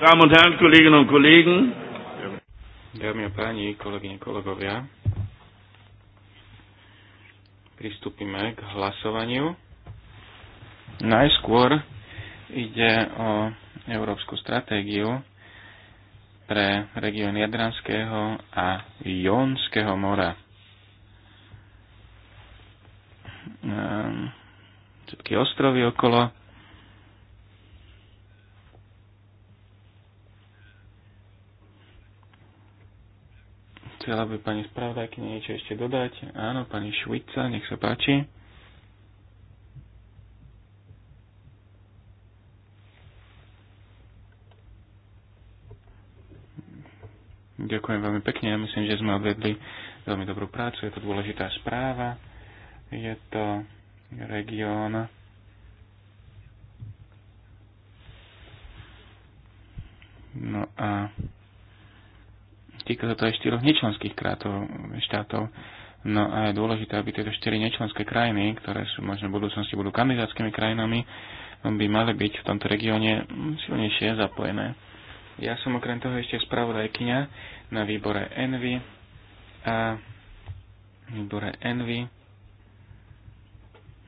Damen und Herren, Kolleginnen und Kollegen. Dámy a páni, kolegyne, kolegovia, pristúpime k hlasovaniu. Najskôr ide o európsku stratégiu pre región Jadranského a Jónskeho mora. Ehm, všetky ostrovy okolo Chcela by pani spravodajky niečo ešte dodať? Áno, pani Švica, nech sa páči. Ďakujem veľmi pekne. Ja myslím, že sme odvedli veľmi dobrú prácu. Je to dôležitá správa. Je to región, No a týka sa to aj štyroch nečlenských krátov, štátov. No a je dôležité, aby tieto štyri nečlenské krajiny, ktoré sú možno v budúcnosti budú kandidátskymi krajinami, by mali byť v tomto regióne silnejšie zapojené. Ja som okrem toho ešte spravodajkyňa na výbore Envy a výbore Envy.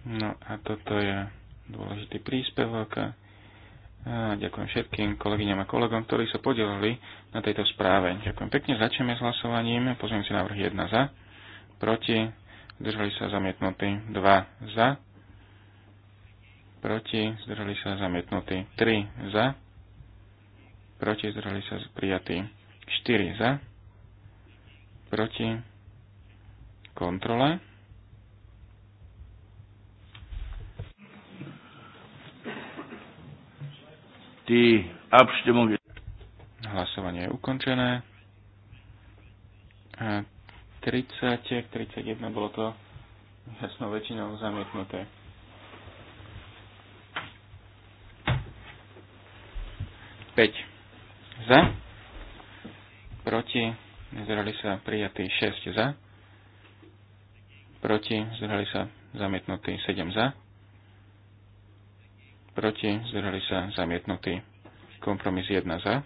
No a toto je dôležitý príspevok a ďakujem všetkým kolegyňam a kolegom, ktorí sa podielali na tejto správe. Ďakujem pekne, začneme s hlasovaním. Pozrieme si návrh 1 za, proti, zdržali sa zamietnutí 2 za, proti, zdržali sa zamietnutí 3 za, proti, zdržali sa prijatí 4 za, proti, kontrole. Die Abstimmung Hlasovanie je ukončené. 30 31 bolo to jasnou väčšinou zamietnuté. Päť za, proti, zdrhali sa prijatí 6 za, proti, zdrhali sa zamietnutí 7 za, proti, zdržali sa zamietnutí. Kompromis 1 za,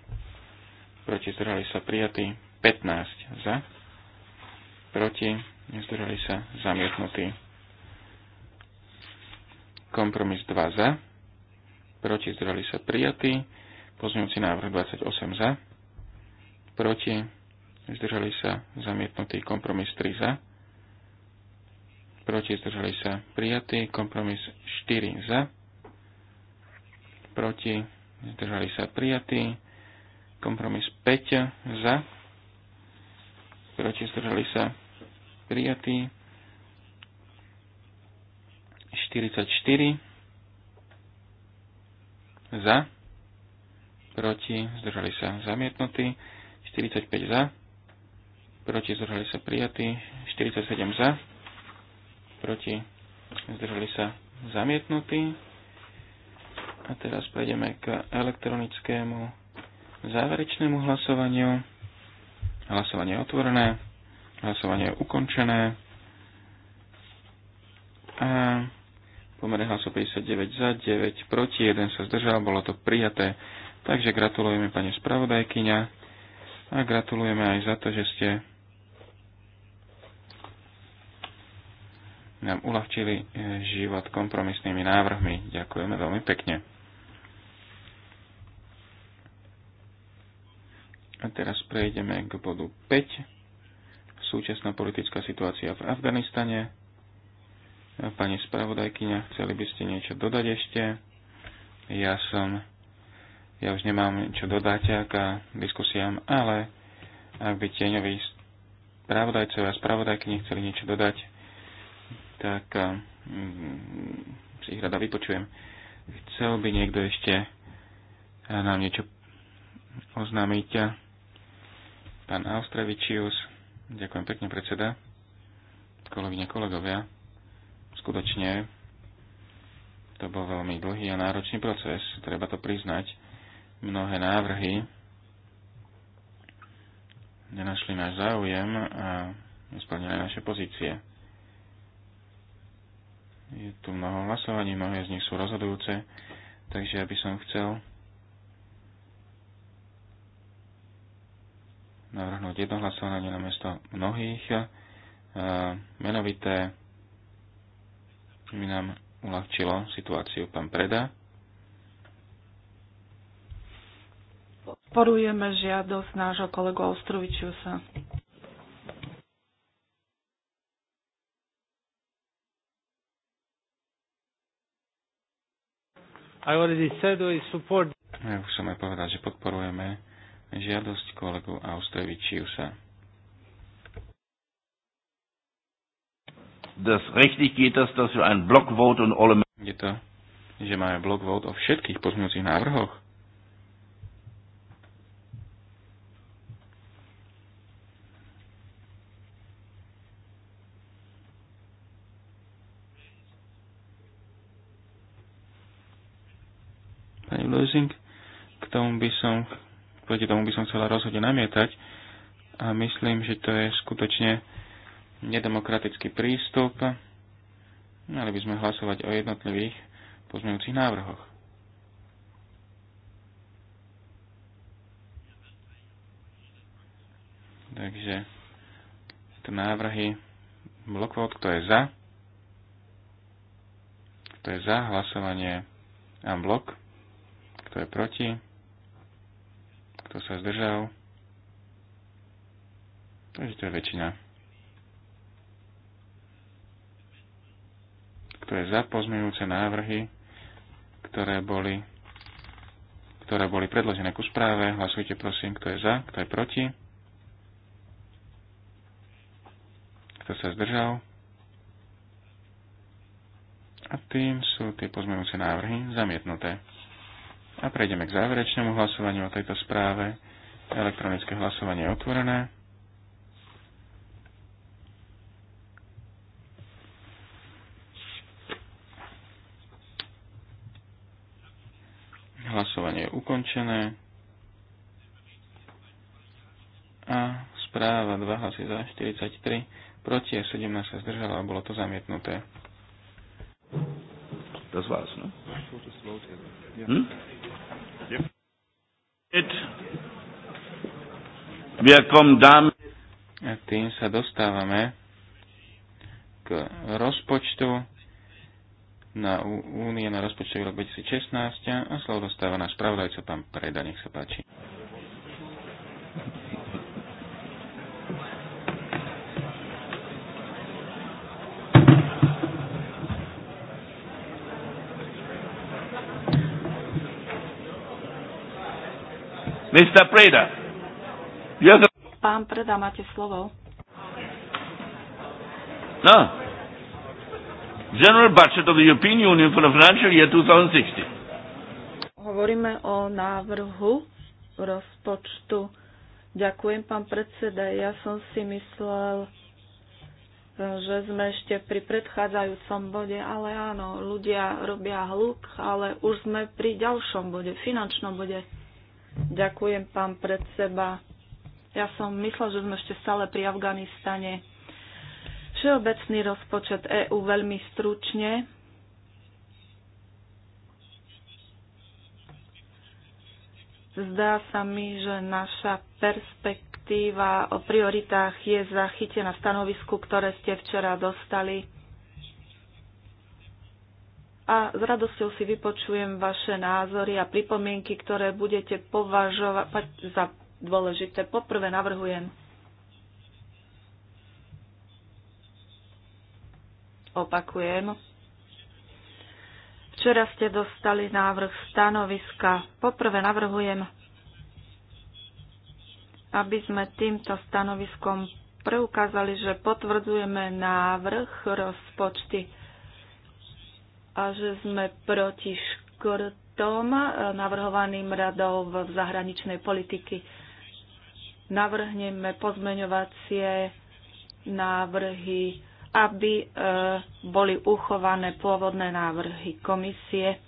proti, zdržali sa prijatí. 15 za, proti, zdržali sa zamietnutí. Kompromis 2 za, proti, zdržali sa prijatí. Pozmňujúci návrh 28 za, proti, zdržali sa zamietnutí, kompromis 3 za, proti zdržali sa prijatý kompromis 4 za, proti, zdržali sa prijatí, kompromis 5 za, proti, zdržali sa prijatí, 44 za, proti, zdržali sa zamietnutí, 45 za, proti, zdržali sa prijatí, 47 za, proti, zdržali sa zamietnutí, a teraz prejdeme k elektronickému záverečnému hlasovaniu. Hlasovanie je otvorené, hlasovanie je ukončené. A pomere hlasov 59 za, 9 proti, 1 sa zdržal, bolo to prijaté. Takže gratulujeme pani spravodajkyňa a gratulujeme aj za to, že ste nám uľahčili eh, život kompromisnými návrhmi. Ďakujeme veľmi pekne. A teraz prejdeme k bodu 5. Súčasná politická situácia v Afganistane. Pani spravodajkyňa, chceli by ste niečo dodať ešte? Ja som... Ja už nemám čo dodať k diskusiám, ale ak by tieňoví spravodajcov a spravodajkyni chceli niečo dodať, tak mm, si ich rada vypočujem. Chcel by niekto ešte nám niečo oznámiť Pán Austrevičius, ďakujem pekne predseda, kolegyne, kolegovia. Skutočne to bol veľmi dlhý a náročný proces, treba to priznať. Mnohé návrhy nenašli náš záujem a nesplnili naše pozície. Je tu mnoho hlasovaní, mnohé z nich sú rozhodujúce, takže ja by som chcel navrhnúť jedno hlasovanie na mesto mnohých. E, menovité mi nám uľahčilo situáciu pán Preda. Podporujeme žiadosť nášho kolegu Ostrovičiusa. I already said we support. Ja už som aj povedal, že podporujeme žiadosť kolegu Austrovičiu sa. Das rechtlich geht das, dass wir ein Blockvote und alle... Je to, že máme blockvote o všetkých pozmeňujúcich návrhoch. Pani Lusing, k tomu by som proti tomu by som chcela rozhodne namietať a myslím, že to je skutočne nedemokratický prístup. Mali by sme hlasovať o jednotlivých pozmeňujúcich návrhoch. Takže to návrhy blokvot, kto je za, kto je za hlasovanie a blok, kto je proti, kto sa zdržal? Takže to je väčšina. Kto je za pozmeňujúce návrhy, ktoré boli, ktoré boli predložené ku správe, hlasujte prosím, kto je za, kto je proti. Kto sa zdržal? A tým sú tie pozmeňujúce návrhy zamietnuté. A prejdeme k záverečnému hlasovaniu o tejto správe. Elektronické hlasovanie je otvorené. Hlasovanie je ukončené. A správa 2 hlasy za 43, proti 17 sa zdržala a bolo to zamietnuté. Das war's, ne? Hm? A tým sa dostávame k rozpočtu na únie na rozpočtový rok 2016 a slovo dostáva náš pravdajca pán Preda, nech sa páči. Mr. Preda. Yes. Pán Preda, máte slovo. No. General Budget of the European Union for the Financial Year 2016. Hovoríme o návrhu rozpočtu. Ďakujem, pán predseda. Ja som si myslel, že sme ešte pri predchádzajúcom bode, ale áno, ľudia robia hluk, ale už sme pri ďalšom bode, finančnom bode. Ďakujem, pán predseba. Ja som myslel, že sme ešte stále pri Afganistane. Všeobecný rozpočet EÚ veľmi stručne. Zdá sa mi, že naša perspektíva o prioritách je zachytená v stanovisku, ktoré ste včera dostali a s radosťou si vypočujem vaše názory a pripomienky, ktoré budete považovať za dôležité. Poprvé navrhujem Opakujem. Včera ste dostali návrh stanoviska. Poprvé navrhujem, aby sme týmto stanoviskom preukázali, že potvrdzujeme návrh rozpočty a že sme proti škrtom navrhovaným radou v zahraničnej politiky. Navrhneme pozmeňovacie návrhy, aby e, boli uchované pôvodné návrhy komisie.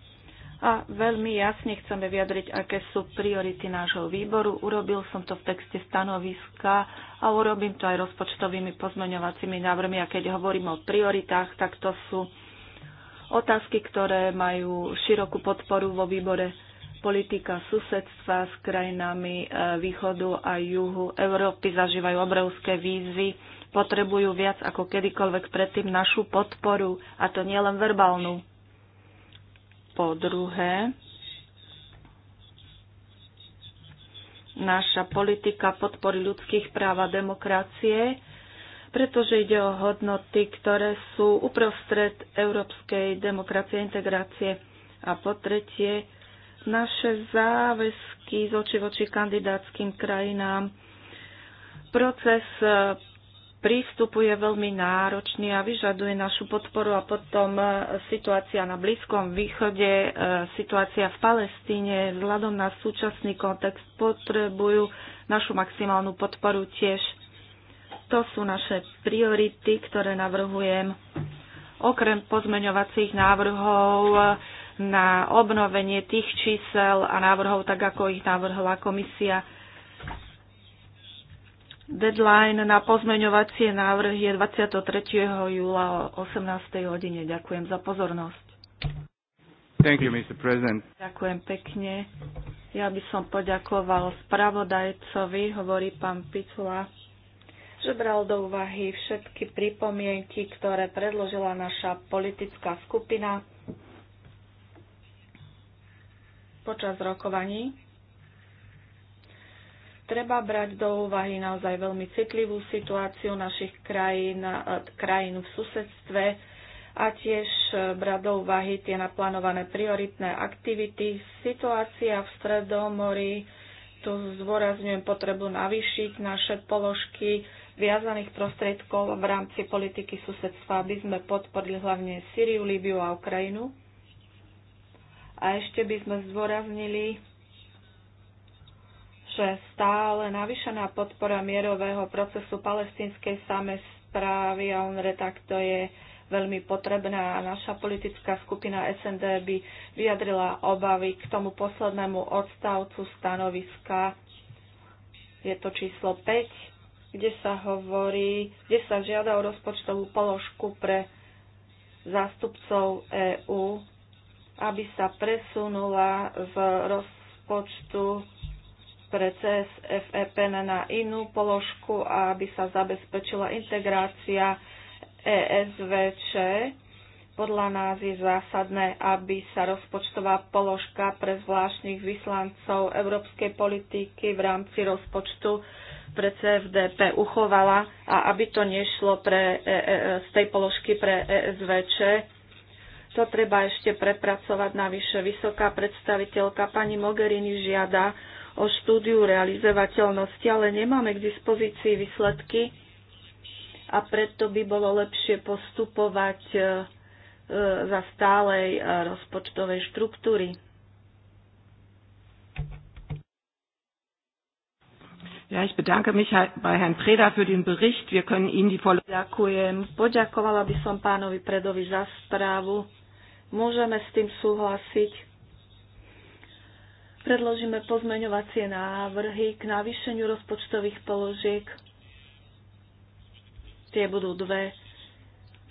A veľmi jasne chceme vyjadriť, aké sú priority nášho výboru. Urobil som to v texte stanoviska a urobím to aj rozpočtovými pozmeňovacími návrhmi. A keď hovorím o prioritách, tak to sú otázky, ktoré majú širokú podporu vo výbore politika susedstva s krajinami e, východu a juhu Európy zažívajú obrovské výzvy, potrebujú viac ako kedykoľvek predtým našu podporu, a to nielen verbálnu. Po druhé, naša politika podpory ľudských práv a demokracie pretože ide o hodnoty, ktoré sú uprostred európskej demokracie a integrácie. A po tretie, naše záväzky z oči voči kandidátskym krajinám. Proces e, prístupu je veľmi náročný a vyžaduje našu podporu a potom e, situácia na Blízkom východe, e, situácia v Palestíne vzhľadom na súčasný kontext potrebujú našu maximálnu podporu tiež. To sú naše priority, ktoré navrhujem okrem pozmeňovacích návrhov na obnovenie tých čísel a návrhov, tak ako ich navrhla komisia. Deadline na pozmeňovacie návrhy je 23. júla o 18. hodine. Ďakujem za pozornosť. Thank you, Mr. President. Ďakujem pekne. Ja by som poďakoval spravodajcovi, hovorí pán Pitula že bral do úvahy všetky pripomienky, ktoré predložila naša politická skupina počas rokovaní. Treba brať do úvahy naozaj veľmi citlivú situáciu našich krajín, krajín v susedstve a tiež brať do úvahy tie naplánované prioritné aktivity. Situácia v Stredomorí, tu zdôrazňujem potrebu navýšiť naše položky viazaných prostriedkov v rámci politiky susedstva, aby sme podporili hlavne Syriu, Líbiu a Ukrajinu. A ešte by sme zdôraznili, že stále navýšená podpora mierového procesu palestinskej samozprávy, a on takto je veľmi potrebná a naša politická skupina SND by vyjadrila obavy k tomu poslednému odstavcu stanoviska. Je to číslo 5 kde sa hovorí, kde sa žiada o rozpočtovú položku pre zástupcov EÚ, aby sa presunula z rozpočtu pre CSFEP na inú položku a aby sa zabezpečila integrácia ESVČ. Podľa nás je zásadné, aby sa rozpočtová položka pre zvláštnych vyslancov európskej politiky v rámci rozpočtu pre CFDP uchovala a aby to nešlo pre, e, e, e z tej položky pre ESVČ. To treba ešte prepracovať. Navyše vysoká predstaviteľka pani Mogherini žiada o štúdiu realizovateľnosti, ale nemáme k dispozícii výsledky a preto by bolo lepšie postupovať e, e, za stálej rozpočtovej štruktúry. Ja, ich bedanke mich bei Herrn Preda für den Bericht. Wir können Ihnen die volle... Ďakujem. Poďakovala by som pánovi Predovi za správu. Môžeme s tým súhlasiť. Predložíme pozmeňovacie návrhy k navýšeniu rozpočtových položiek. Tie budú dve.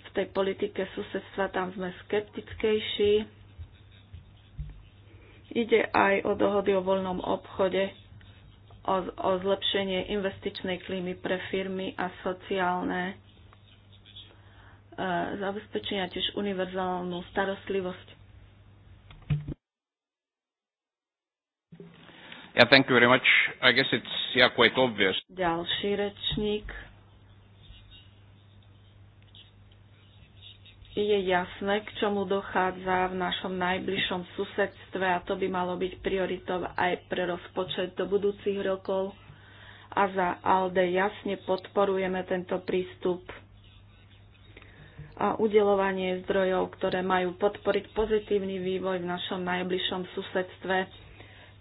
V tej politike susedstva tam sme skeptickejší. Ide aj o dohody o voľnom obchode o, o zlepšenie investičnej klímy pre firmy a sociálne e, zabezpečenia, tiež univerzálnu starostlivosť. Yeah, thank you very much. I guess it's yeah, quite obvious. Ďalší rečník. je jasné, k čomu dochádza v našom najbližšom susedstve a to by malo byť prioritou aj pre rozpočet do budúcich rokov. A za ALDE jasne podporujeme tento prístup a udelovanie zdrojov, ktoré majú podporiť pozitívny vývoj v našom najbližšom susedstve.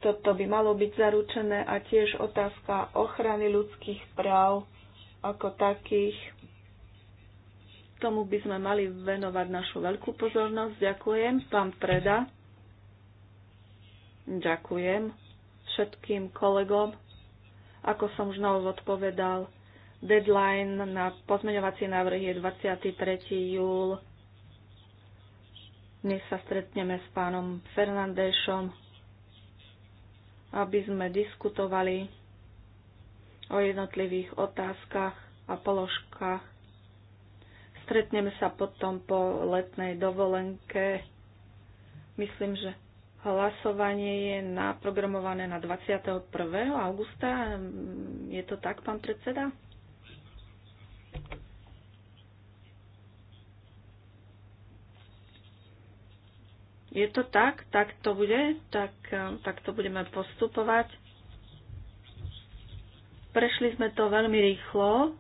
Toto by malo byť zaručené a tiež otázka ochrany ľudských práv ako takých Tomu by sme mali venovať našu veľkú pozornosť. Ďakujem. Pán Preda. Ďakujem všetkým kolegom. Ako som už na úvod povedal, deadline na pozmeňovacie návrhy je 23. júl. Dnes sa stretneme s pánom Fernandéšom, aby sme diskutovali o jednotlivých otázkach a položkách Stretneme sa potom po letnej dovolenke. Myslím, že hlasovanie je naprogramované na 21. augusta. Je to tak, pán predseda? Je to tak? Tak to bude? Tak, tak to budeme postupovať. Prešli sme to veľmi rýchlo,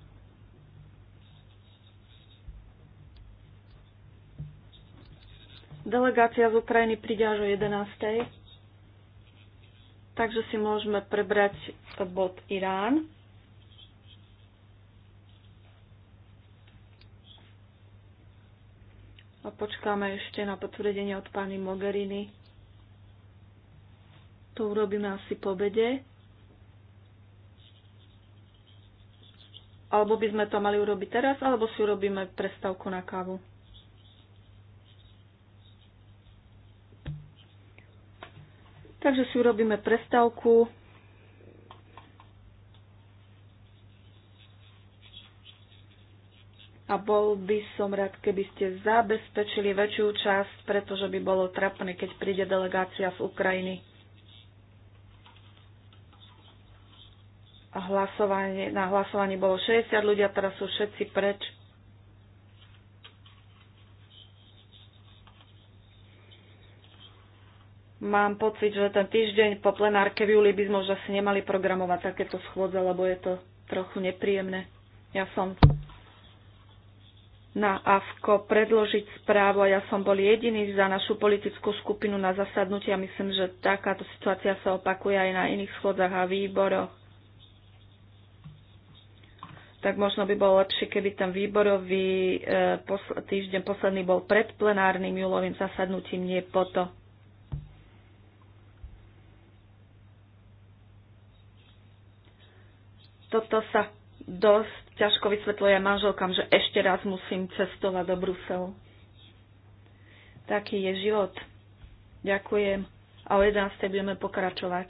Delegácia z Ukrajiny príde až o 11. Takže si môžeme prebrať bod Irán. A počkáme ešte na potvrdenie od pani Mogherini. To urobíme asi po bede. Alebo by sme to mali urobiť teraz, alebo si urobíme prestavku na kávu. Takže si urobíme prestávku. A bol by som rád, keby ste zabezpečili väčšiu časť, pretože by bolo trapné, keď príde delegácia z Ukrajiny. hlasovanie, na hlasovaní bolo 60 ľudia, teraz sú všetci preč. Mám pocit, že ten týždeň po plenárke v júli by sme už asi nemali programovať takéto schôdze, lebo je to trochu nepríjemné. Ja som na AFKO predložiť správu a ja som bol jediný za našu politickú skupinu na zasadnutí a myslím, že takáto situácia sa opakuje aj na iných schodzách a výboroch. Tak možno by bolo lepšie, keby ten výborový e, posl- týždeň posledný bol pred plenárnym júlovým zasadnutím, nie po to. Toto sa dosť ťažko vysvetľuje manželkám, že ešte raz musím cestovať do Bruselu. Taký je život. Ďakujem. A o 11. budeme pokračovať.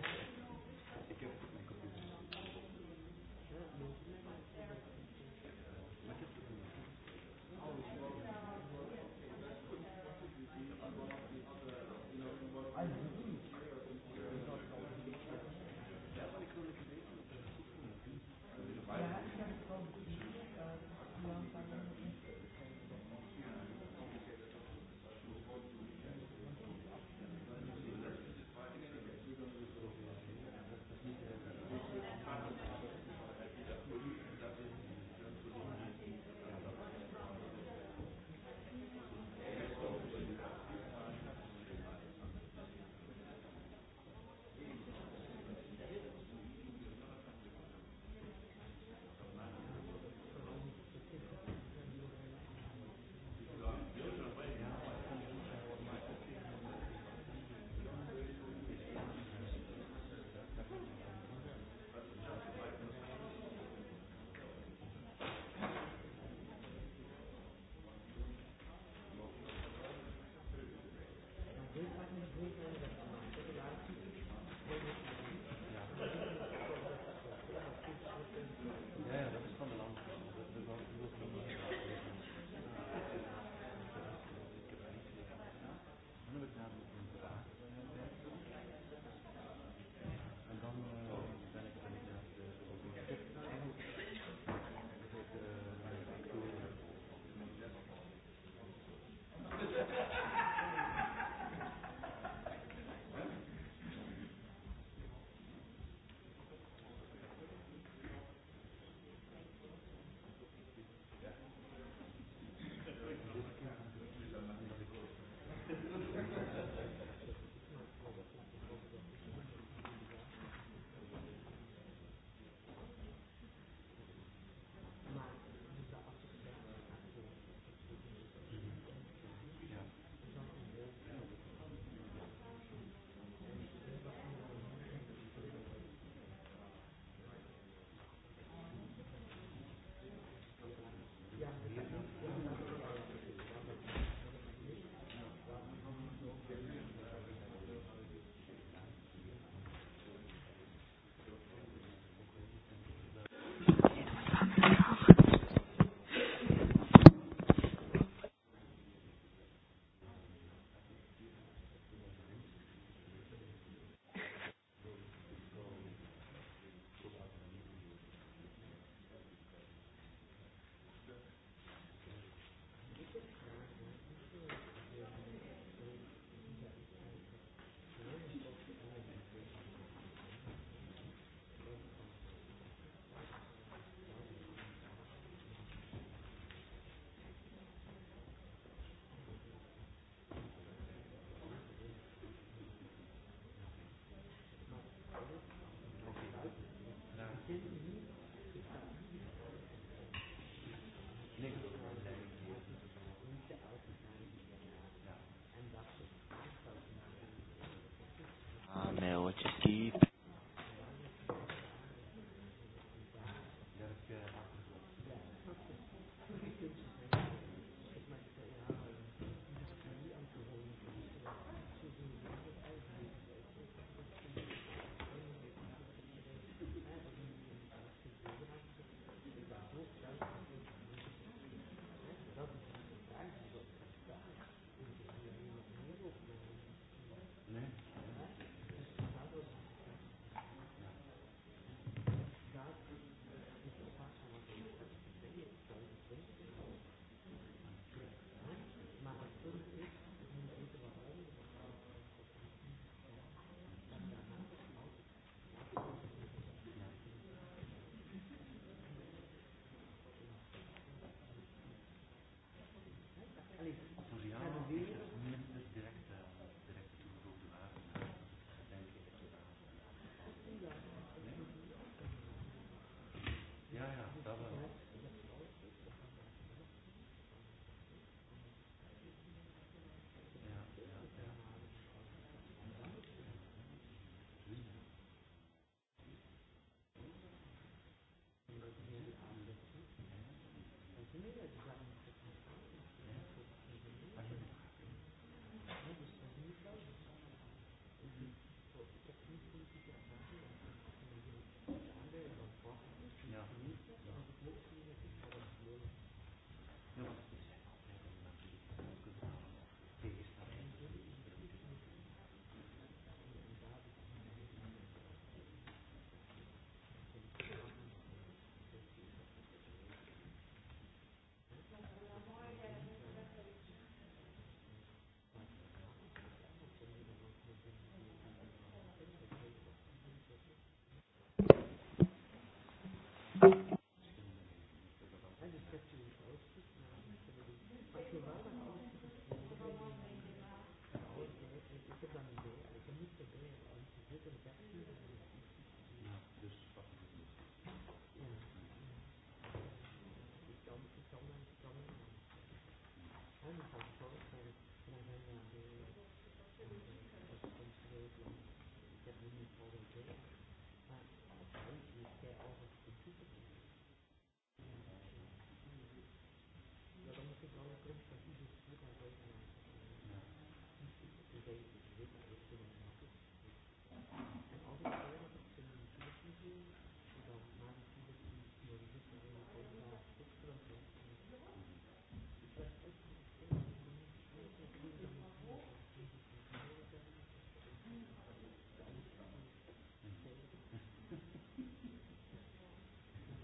Thank you.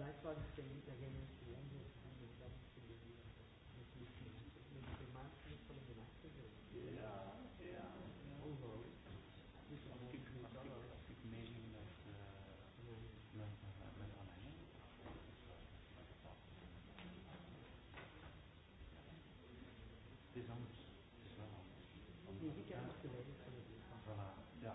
is anders. Het is wel anders. Die zit je achterwege. Voilà. Ja,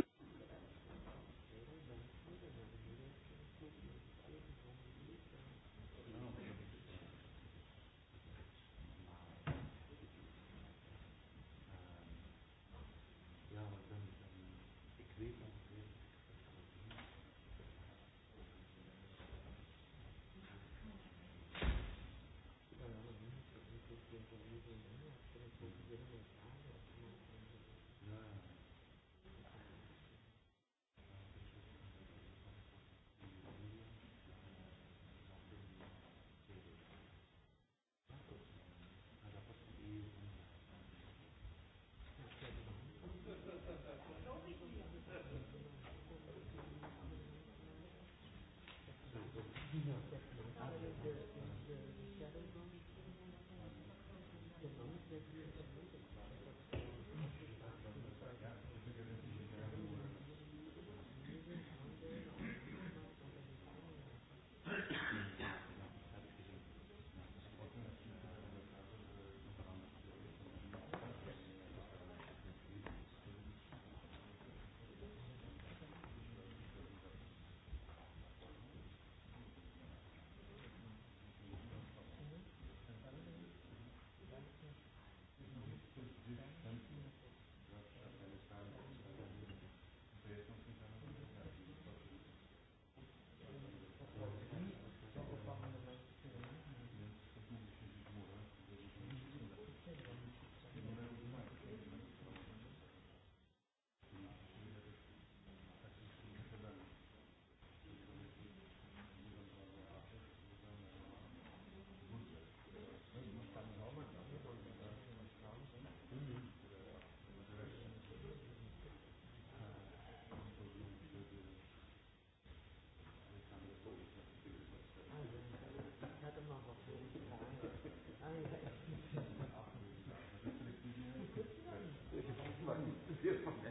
Thank you. Nie, nie, nie.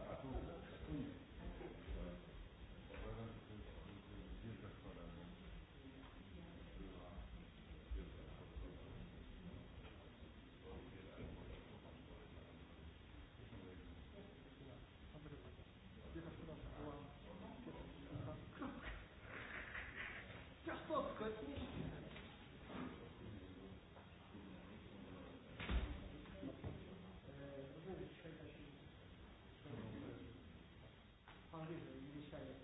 čítanie.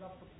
teda pod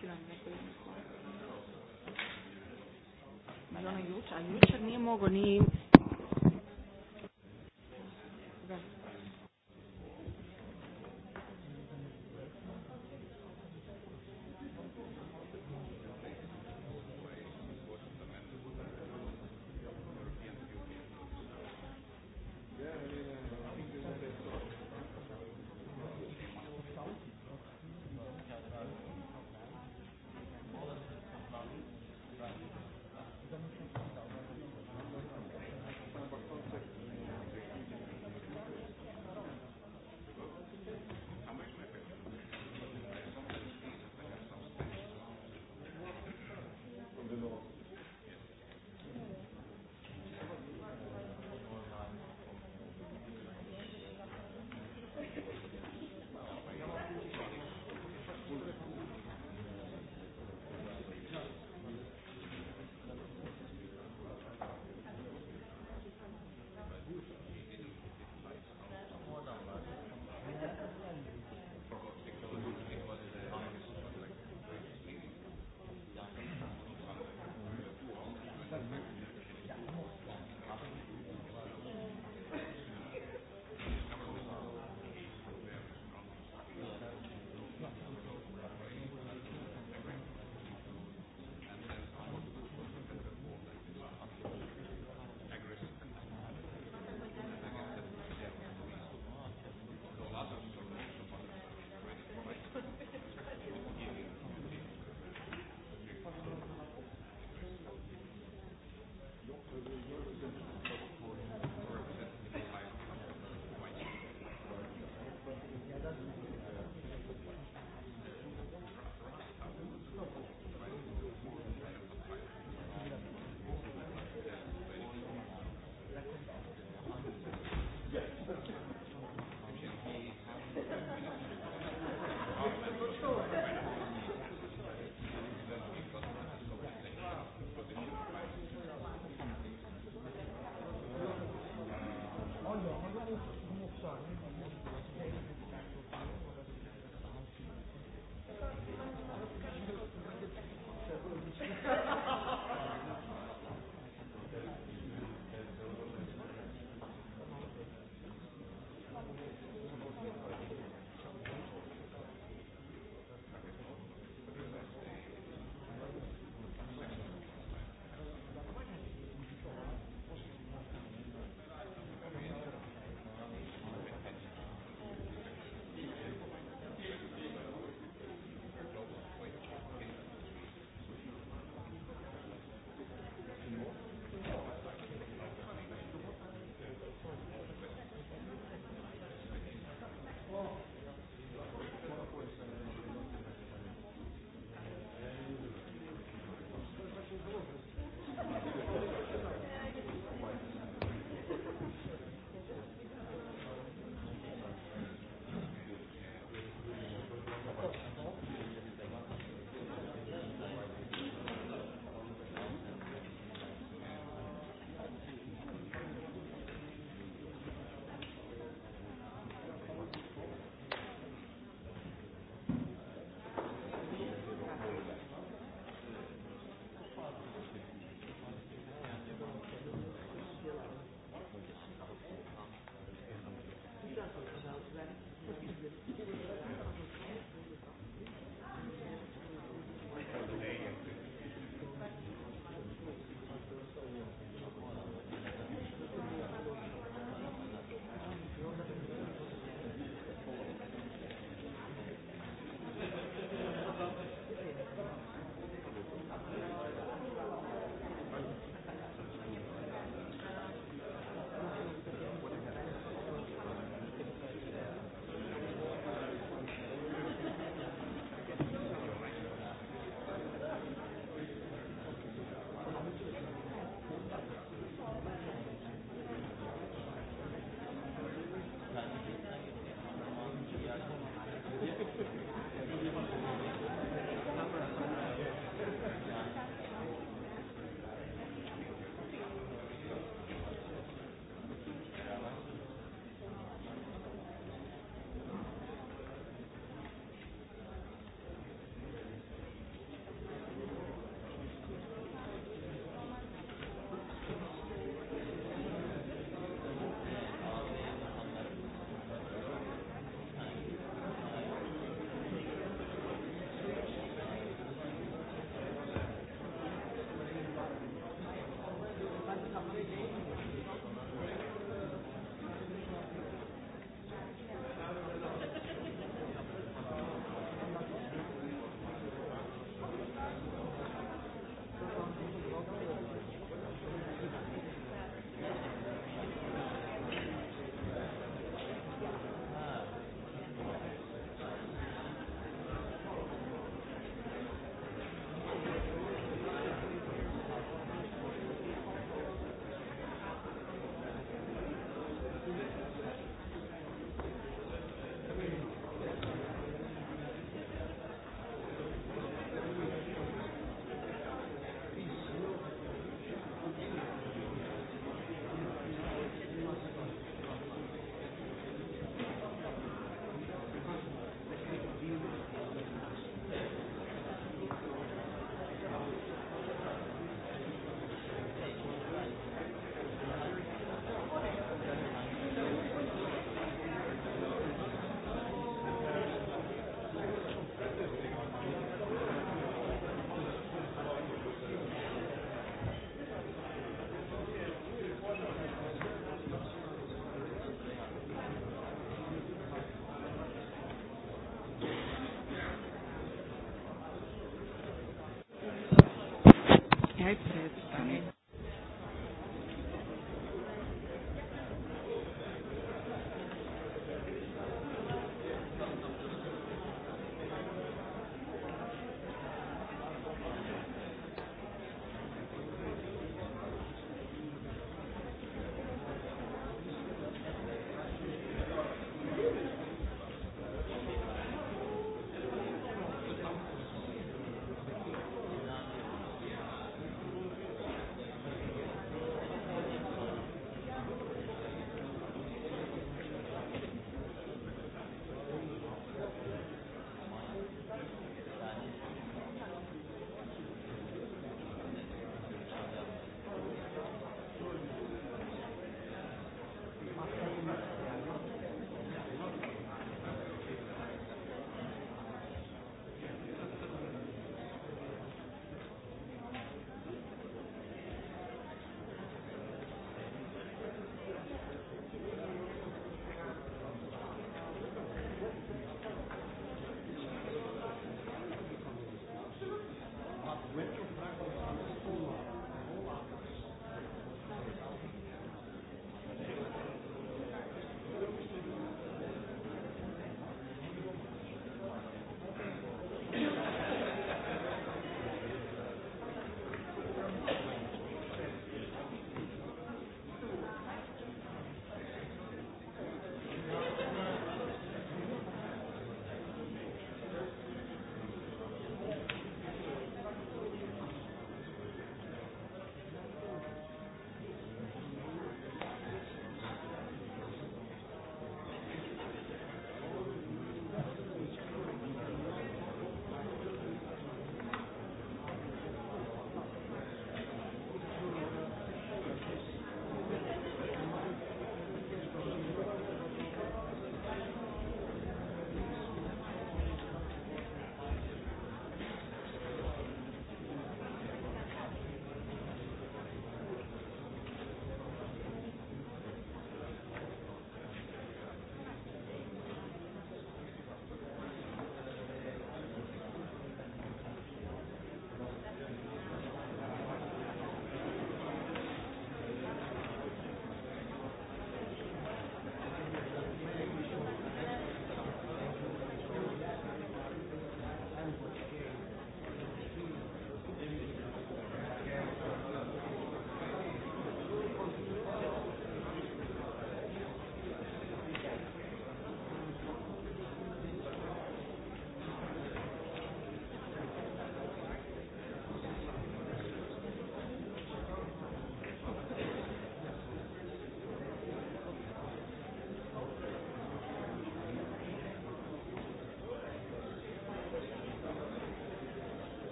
chi l'hanno je qua. Madonna Iuccia, Iuccia nije mogo, ni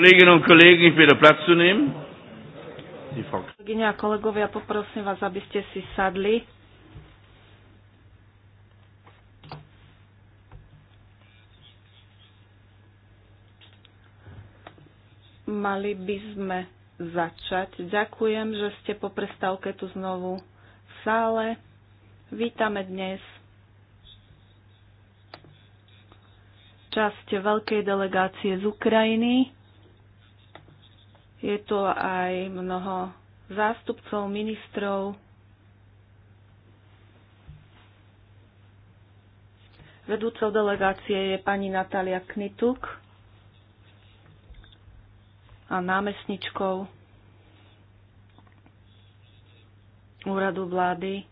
Kolleginnen und Kollegen, ich bitte Platz zu nehmen. Die Frau Kolleginnen Kolegyne a kolegovia, poprosím vás, aby ste si sadli. Mali by sme začať. Ďakujem, že ste po prestávke tu znovu v sále. Vítame dnes časť veľkej delegácie z Ukrajiny tu aj mnoho zástupcov, ministrov. Vedúcou delegácie je pani Natália Knituk a námestničkou úradu vlády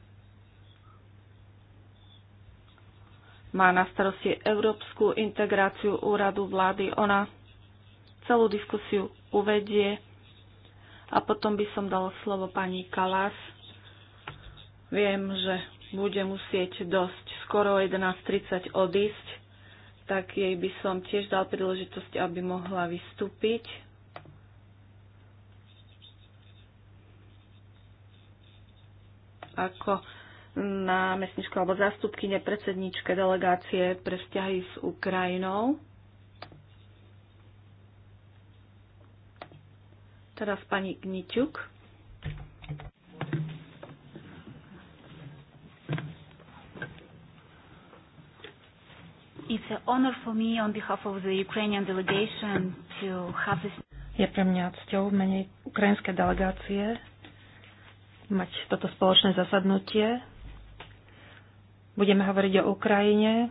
má na starosti európsku integráciu úradu vlády. Ona celú diskusiu uvedie a potom by som dal slovo pani Kalas. Viem, že bude musieť dosť skoro 11.30 odísť, tak jej by som tiež dal príležitosť, aby mohla vystúpiť. Ako námestnička alebo zástupkyne predsedničke delegácie pre vzťahy s Ukrajinou. Teraz pani Gniťuk. It's an honor for me on behalf of the Ukrainian delegation to have this je pre mňa cťou v mene ukrajinskej delegácie mať toto spoločné zasadnutie. Budeme hovoriť o Ukrajine.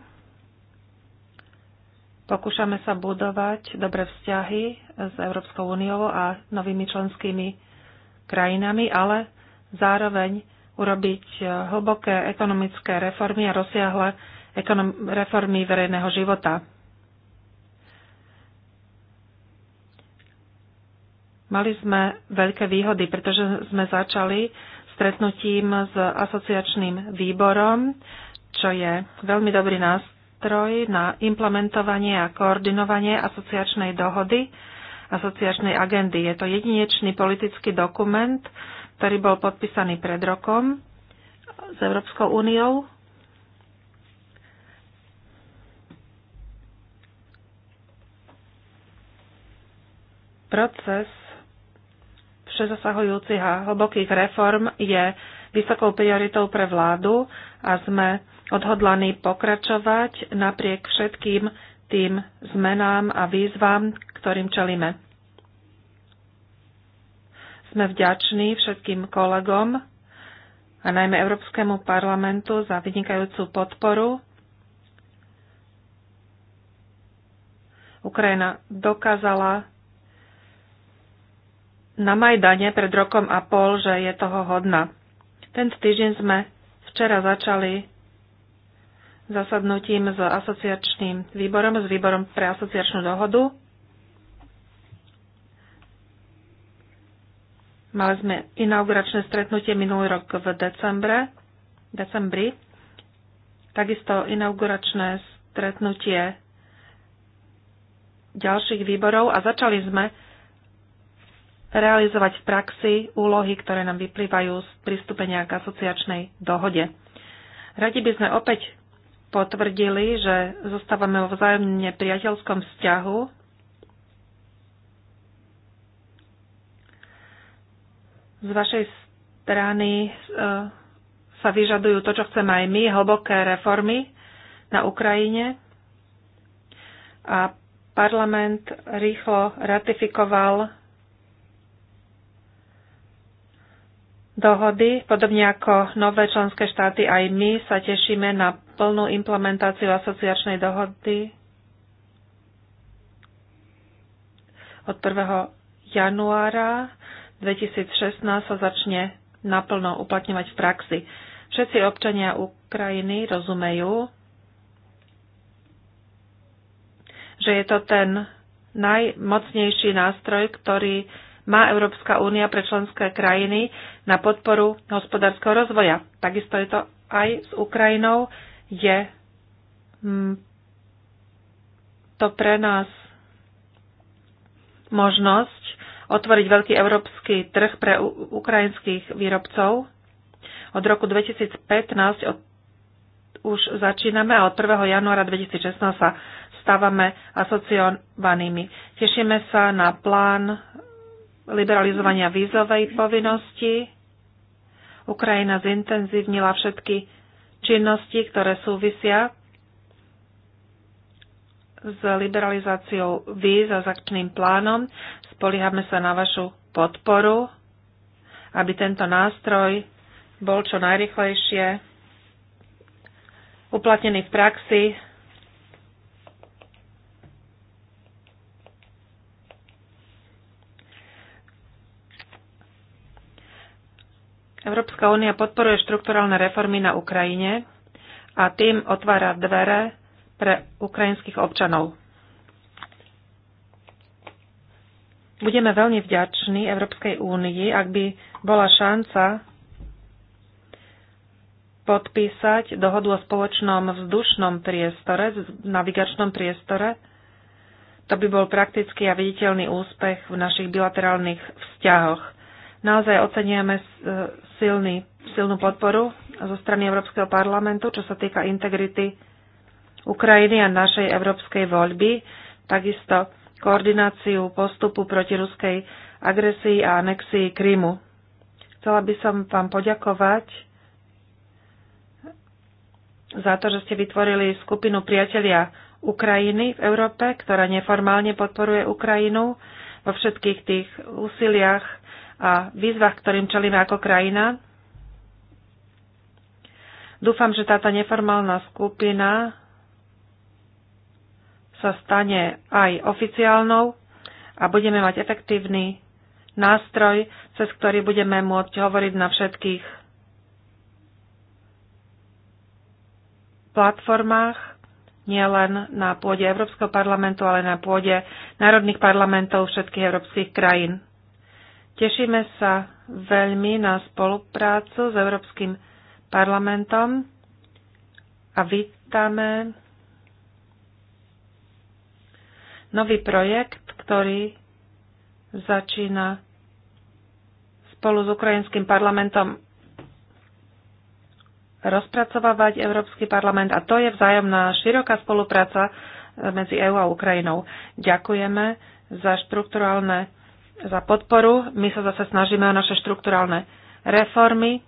Pokúšame sa budovať dobré vzťahy s Európskou úniou a novými členskými krajinami, ale zároveň urobiť eh, hlboké ekonomické reformy a rozsiahle reformy verejného života. Mali sme veľké výhody, pretože sme začali stretnutím s asociačným výborom, čo je veľmi dobrý nástroj na implementovanie a koordinovanie asociačnej dohody asociačnej agendy. Je to jedinečný politický dokument, ktorý bol podpísaný pred rokom s Európskou úniou. Proces všezasahujúcich a hlbokých reform je vysokou prioritou pre vládu a sme odhodlaní pokračovať napriek všetkým tým zmenám a výzvam, ktorým čelíme. Sme vďační všetkým kolegom a najmä Európskemu parlamentu za vynikajúcu podporu. Ukrajina dokázala na Majdane pred rokom a pol, že je toho hodná. Ten týždeň sme včera začali zasadnutím s asociačným výborom, s výborom pre asociačnú dohodu. Mali sme inauguračné stretnutie minulý rok v decembre, decembri. Takisto inauguračné stretnutie ďalších výborov a začali sme realizovať v praxi úlohy, ktoré nám vyplývajú z pristúpenia k asociačnej dohode. Radi by sme opäť potvrdili, že zostávame vo vzájomne priateľskom vzťahu. Z vašej strany e, sa vyžadujú to, čo chceme aj my, hlboké reformy na Ukrajine. A parlament rýchlo ratifikoval dohody. Podobne ako nové členské štáty, aj my sa tešíme na plnú implementáciu asociačnej dohody od 1. januára 2016 sa začne naplno uplatňovať v praxi. Všetci občania Ukrajiny rozumejú, že je to ten najmocnejší nástroj, ktorý má Európska únia pre členské krajiny na podporu hospodárskeho rozvoja. Takisto je to aj s Ukrajinou. Je mm, to pre nás možnosť otvoriť veľký európsky trh pre ukrajinských výrobcov. Od roku 2015 od už začíname a od 1. januára 2016 sa stávame asociovanými. Tešíme sa na plán liberalizovania vízovej povinnosti Ukrajina zintenzívnila všetky činnosti, ktoré súvisia s liberalizáciou víz a s akčným plánom. Spoliehame sa na vašu podporu, aby tento nástroj bol čo najrychlejšie uplatnený v praxi Európska únia podporuje štrukturálne reformy na Ukrajine a tým otvára dvere pre ukrajinských občanov. Budeme veľmi vďační Európskej únii, ak by bola šanca podpísať dohodu o spoločnom vzdušnom priestore, navigačnom priestore. To by bol praktický a viditeľný úspech v našich bilaterálnych vzťahoch. Naozaj oceňujeme silný, silnú podporu zo strany Európskeho parlamentu, čo sa týka integrity Ukrajiny a našej európskej voľby, takisto koordináciu postupu proti ruskej agresii a anexii Krymu. Chcela by som vám poďakovať za to, že ste vytvorili skupinu priatelia Ukrajiny v Európe, ktorá neformálne podporuje Ukrajinu vo všetkých tých úsiliach a výzvach, ktorým čelíme ako krajina. Dúfam, že táto neformálna skupina sa stane aj oficiálnou a budeme mať efektívny nástroj, cez ktorý budeme môcť hovoriť na všetkých platformách, nielen na pôde Európskeho parlamentu, ale na pôde národných parlamentov všetkých európskych krajín. Tešíme sa veľmi na spoluprácu s Európskym parlamentom a vítame nový projekt, ktorý začína spolu s ukrajinským parlamentom rozpracovávať Európsky parlament a to je vzájomná široká spolupráca medzi EÚ a Ukrajinou. Ďakujeme za štrukturálne za podporu. My sa zase snažíme o naše štrukturálne reformy.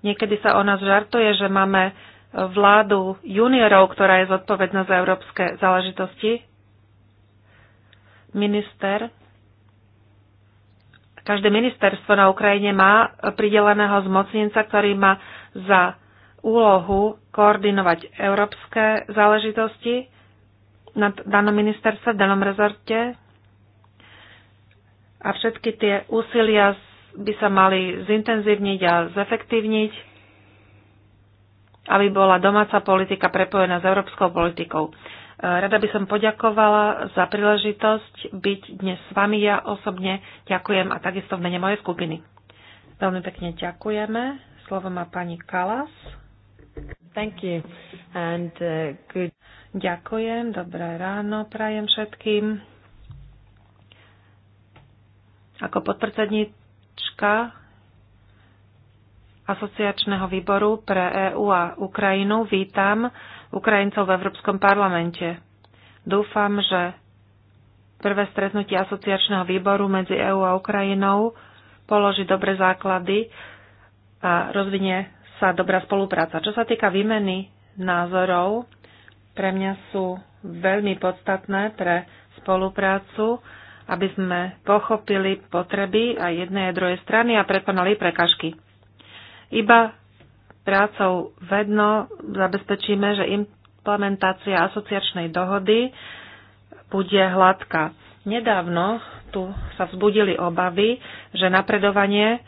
Niekedy sa o nás žartuje, že máme vládu juniorov, ktorá je zodpovedná za európske záležitosti. Minister. Každé ministerstvo na Ukrajine má prideleného zmocnenca, ktorý má za úlohu koordinovať európske záležitosti na danom ministerstve, v danom rezorte a všetky tie úsilia by sa mali zintenzívniť a zefektívniť, aby bola domáca politika prepojená s európskou politikou. E, rada by som poďakovala za príležitosť byť dnes s vami. Ja osobne ďakujem a takisto v mene mojej skupiny. Veľmi pekne ďakujeme. Slovo má pani Kalas. Thank you. And, uh, good. Ďakujem, dobré ráno prajem všetkým. Ako podpredsednička asociačného výboru pre EÚ a Ukrajinu vítam Ukrajincov v Európskom parlamente. Dúfam, že prvé stretnutie asociačného výboru medzi EÚ a Ukrajinou položí dobre základy a rozvinie sa dobrá spolupráca. Čo sa týka výmeny názorov, pre mňa sú veľmi podstatné pre spoluprácu, aby sme pochopili potreby aj jednej a druhej strany a prekonali prekažky. Iba prácou vedno zabezpečíme, že implementácia asociačnej dohody bude hladká. Nedávno tu sa vzbudili obavy, že napredovanie,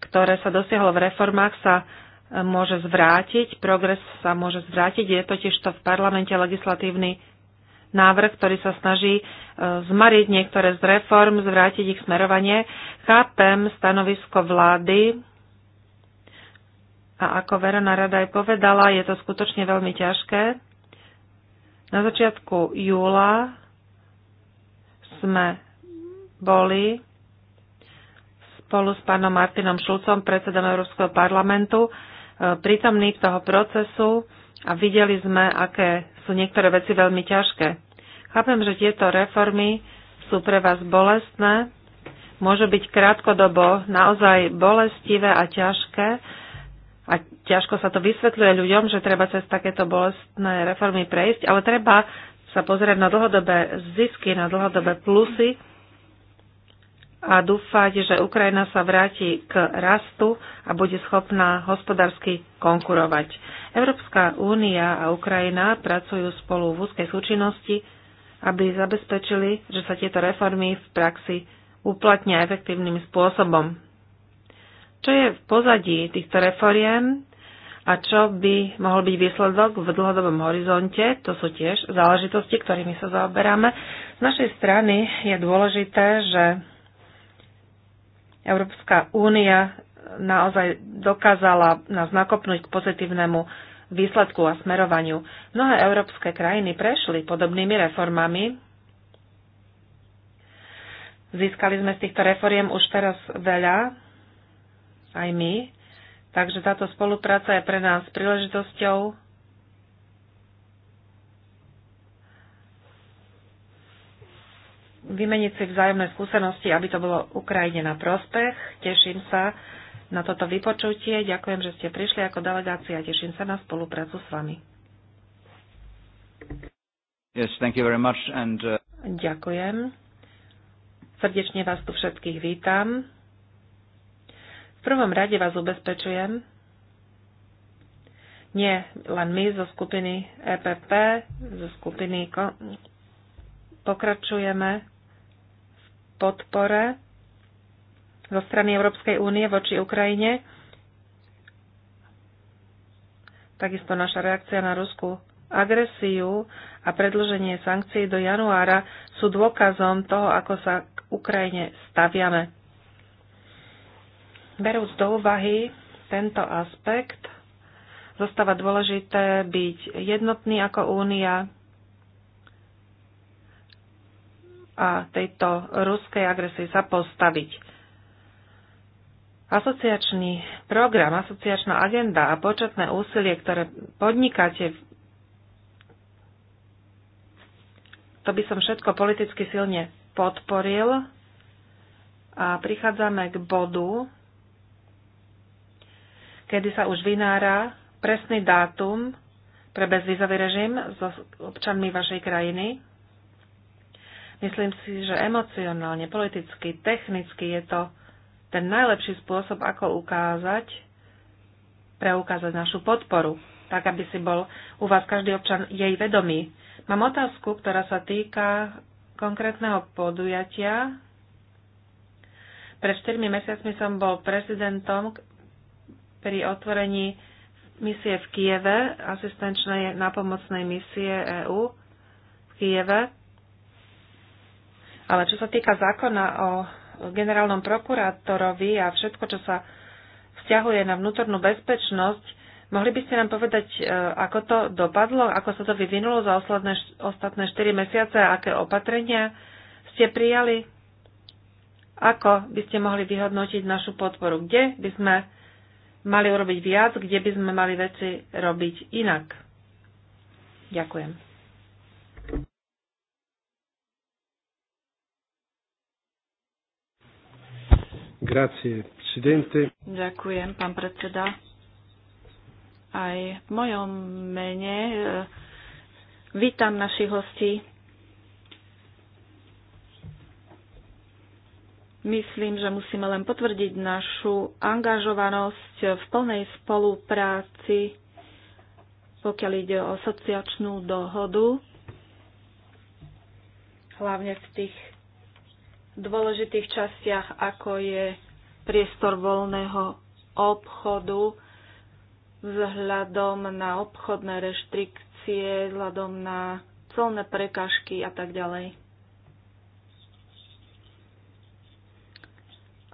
ktoré sa dosiahlo v reformách, sa môže zvrátiť, progres sa môže zvrátiť. Je totiž to v parlamente legislatívny návrh, ktorý sa snaží e, zmariť niektoré z reform, zvrátiť ich smerovanie. Chápem stanovisko vlády a ako Verona Rada aj povedala, je to skutočne veľmi ťažké. Na začiatku júla sme boli spolu s pánom Martinom Šulcom, predsedom Európskeho parlamentu, prítomní toho procesu a videli sme, aké sú niektoré veci veľmi ťažké. Chápem, že tieto reformy sú pre vás bolestné, môžu byť krátkodobo naozaj bolestivé a ťažké a ťažko sa to vysvetľuje ľuďom, že treba cez takéto bolestné reformy prejsť, ale treba sa pozrieť na dlhodobé zisky, na dlhodobé plusy a dúfať, že Ukrajina sa vráti k rastu a bude schopná hospodársky konkurovať. Európska únia a Ukrajina pracujú spolu v úzkej súčinnosti, aby zabezpečili, že sa tieto reformy v praxi uplatnia efektívnym spôsobom. Čo je v pozadí týchto reforiem a čo by mohol byť výsledok v dlhodobom horizonte, to sú tiež záležitosti, ktorými sa zaoberáme. Z našej strany je dôležité, že Európska únia naozaj dokázala nás nakopnúť k pozitívnemu výsledku a smerovaniu. Mnohé európske krajiny prešli podobnými reformami. Získali sme z týchto reforiem už teraz veľa, aj my, takže táto spolupráca je pre nás príležitosťou vymeniť si vzájomné skúsenosti, aby to bolo Ukrajine na prospech. Teším sa na toto vypočutie. Ďakujem, že ste prišli ako delegácia a teším sa na spoluprácu s vami. Yes, thank you very much and, uh... Ďakujem. Srdečne vás tu všetkých vítam. V prvom rade vás ubezpečujem, nie len my zo skupiny EPP, zo skupiny pokračujeme podpore zo strany Európskej únie voči Ukrajine. Takisto naša reakcia na ruskú agresiu a predlženie sankcií do januára sú dôkazom toho, ako sa k Ukrajine staviame. Berúc do úvahy tento aspekt, zostáva dôležité byť jednotný ako únia, a tejto ruskej agresie sa postaviť. Asociačný program, asociačná agenda a početné úsilie, ktoré podnikáte, to by som všetko politicky silne podporil. A prichádzame k bodu, kedy sa už vynára presný dátum pre bezvízový režim s občanmi vašej krajiny. Myslím si, že emocionálne, politicky, technicky je to ten najlepší spôsob, ako ukázať, preukázať našu podporu, tak aby si bol u vás každý občan jej vedomý. Mám otázku, ktorá sa týka konkrétneho podujatia. Pred 4 mesiacmi som bol prezidentom pri otvorení misie v Kieve, asistenčnej napomocnej misie EÚ v Kieve. Ale čo sa týka zákona o generálnom prokurátorovi a všetko, čo sa vzťahuje na vnútornú bezpečnosť, mohli by ste nám povedať, e, ako to dopadlo, ako sa to vyvinulo za ostatné, ostatné 4 mesiace a aké opatrenia ste prijali? Ako by ste mohli vyhodnotiť našu podporu? Kde by sme mali urobiť viac, kde by sme mali veci robiť inak? Ďakujem. Ďakujem, pán predseda. Aj v mojom mene e, vítam našich hostí. Myslím, že musíme len potvrdiť našu angažovanosť v plnej spolupráci, pokiaľ ide o asociačnú dohodu, hlavne v tých dôležitých častiach, ako je priestor voľného obchodu vzhľadom na obchodné reštrikcie, vzhľadom na colné prekažky a tak ďalej.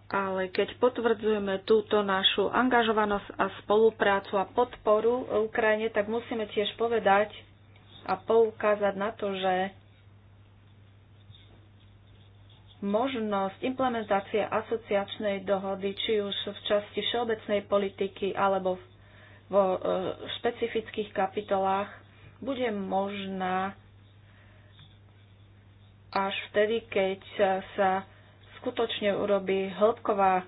Ale keď potvrdzujeme túto našu angažovanosť a spoluprácu a podporu Ukrajine, tak musíme tiež povedať a poukázať na to, že možnosť implementácie asociačnej dohody, či už v časti všeobecnej politiky alebo vo e, špecifických kapitolách, bude možná až vtedy, keď sa skutočne urobí hĺbková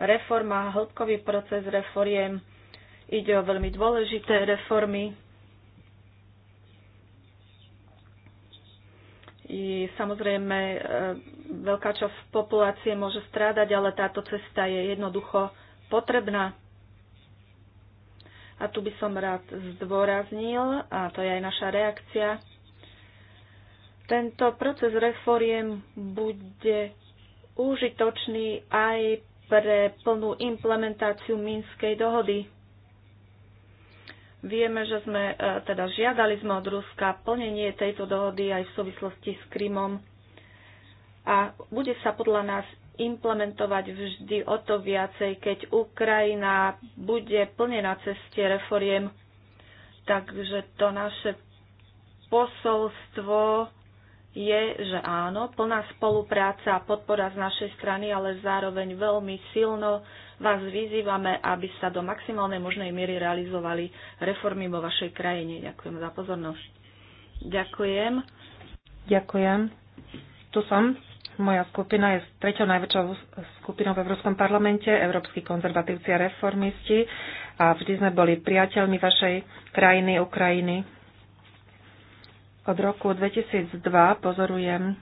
reforma, hĺbkový proces reforiem. Ide o veľmi dôležité reformy, i Samozrejme, e, veľká časť populácie môže strádať, ale táto cesta je jednoducho potrebná. A tu by som rád zdôraznil, a to je aj naša reakcia, tento proces reforiem bude užitočný aj pre plnú implementáciu Minskej dohody. Vieme, že sme e, teda žiadali sme od Ruska plnenie tejto dohody aj v súvislosti s Krymom a bude sa podľa nás implementovať vždy o to viacej, keď Ukrajina bude plne na ceste reforiem. Takže to naše posolstvo je, že áno, plná spolupráca a podpora z našej strany, ale zároveň veľmi silno vás vyzývame, aby sa do maximálnej možnej miery realizovali reformy vo vašej krajine. Ďakujem za pozornosť. Ďakujem. Ďakujem. Tu som. Moja skupina je treťou najväčšou skupinou v Európskom parlamente, Európsky konzervatívci a reformisti a vždy sme boli priateľmi vašej krajiny, Ukrajiny. Od roku 2002 pozorujem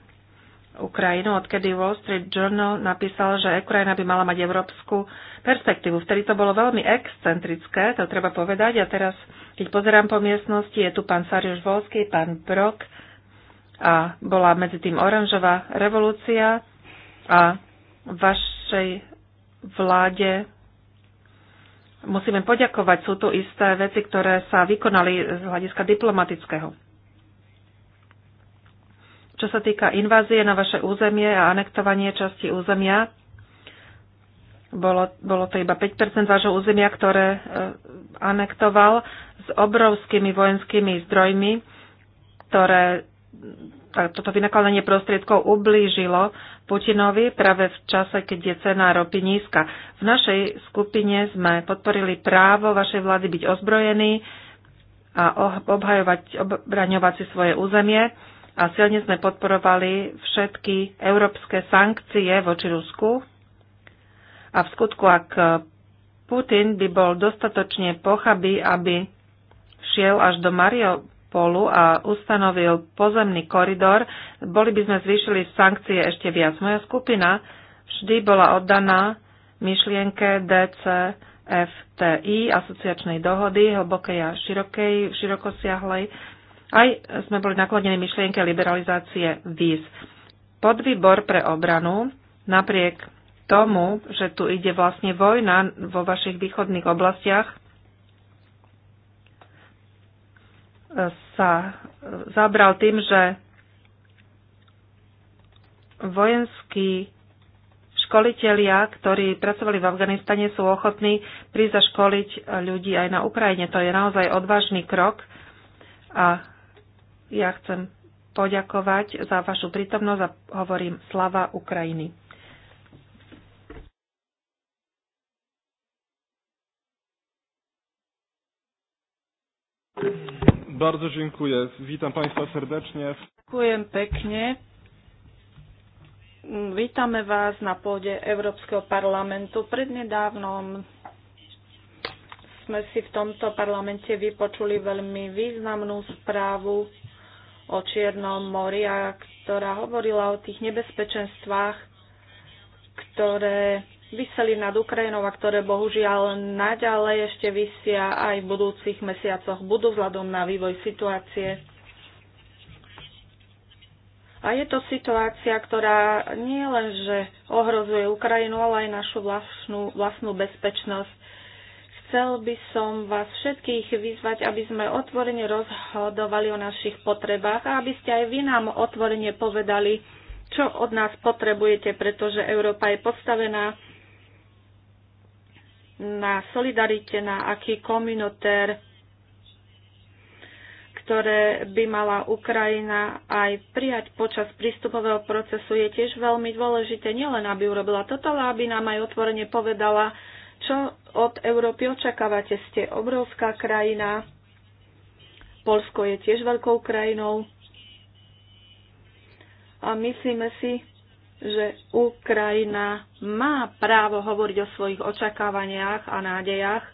Ukrajinu, odkedy Wall Street Journal napísal, že Ukrajina by mala mať európsku perspektívu. Vtedy to bolo veľmi excentrické, to treba povedať. A teraz, keď pozerám po miestnosti, je tu pán Sariuš Volský, pán Brok a bola medzi tým oranžová revolúcia a vašej vláde musíme poďakovať. Sú tu isté veci, ktoré sa vykonali z hľadiska diplomatického. Čo sa týka invázie na vaše územie a anektovanie časti územia, bolo, bolo to iba 5 vášho územia, ktoré e, anektoval s obrovskými vojenskými zdrojmi, ktoré toto vynakladanie prostriedkov ublížilo Putinovi práve v čase, keď je cena ropy nízka. V našej skupine sme podporili právo vašej vlády byť ozbrojený a obhajovať, obraňovať si svoje územie a silne sme podporovali všetky európske sankcie voči Rusku. A v skutku, ak Putin by bol dostatočne pochabý, aby šiel až do Mariopolu a ustanovil pozemný koridor, boli by sme zvýšili sankcie ešte viac. Moja skupina vždy bola oddaná myšlienke DCFTI, asociačnej dohody, hlbokej a širokej, širokosiahlej, aj sme boli naklonení myšlienke liberalizácie víz. Podvýbor pre obranu napriek tomu, že tu ide vlastne vojna vo vašich východných oblastiach, sa zabral tým, že vojenskí školitelia, ktorí pracovali v Afganistane, sú ochotní prísť školiť ľudí aj na Ukrajine. To je naozaj odvážny krok a ja chcem poďakovať za vašu prítomnosť a hovorím slava Ukrajiny. Bardzo dziękuję. Witam Państwa serdecznie. Dziękuję pięknie. Vítame vás na pôde Európskeho parlamentu. niedawno sme si v tomto parlamente vypočuli veľmi významnú správu o Čiernom mori a ktorá hovorila o tých nebezpečenstvách, ktoré vyseli nad Ukrajinou a ktoré bohužiaľ naďalej ešte vysia aj v budúcich mesiacoch, budú vzhľadom na vývoj situácie. A je to situácia, ktorá nie len, že ohrozuje Ukrajinu, ale aj našu vlastnú, vlastnú bezpečnosť. Chcel by som vás všetkých vyzvať, aby sme otvorene rozhodovali o našich potrebách a aby ste aj vy nám otvorene povedali, čo od nás potrebujete, pretože Európa je postavená na solidarite, na aký komunitér, ktoré by mala Ukrajina aj prijať počas prístupového procesu, je tiež veľmi dôležité, nielen aby urobila toto, ale aby nám aj otvorene povedala, čo od Európy očakávate? Ste obrovská krajina. Polsko je tiež veľkou krajinou. A myslíme si, že Ukrajina má právo hovoriť o svojich očakávaniach a nádejach.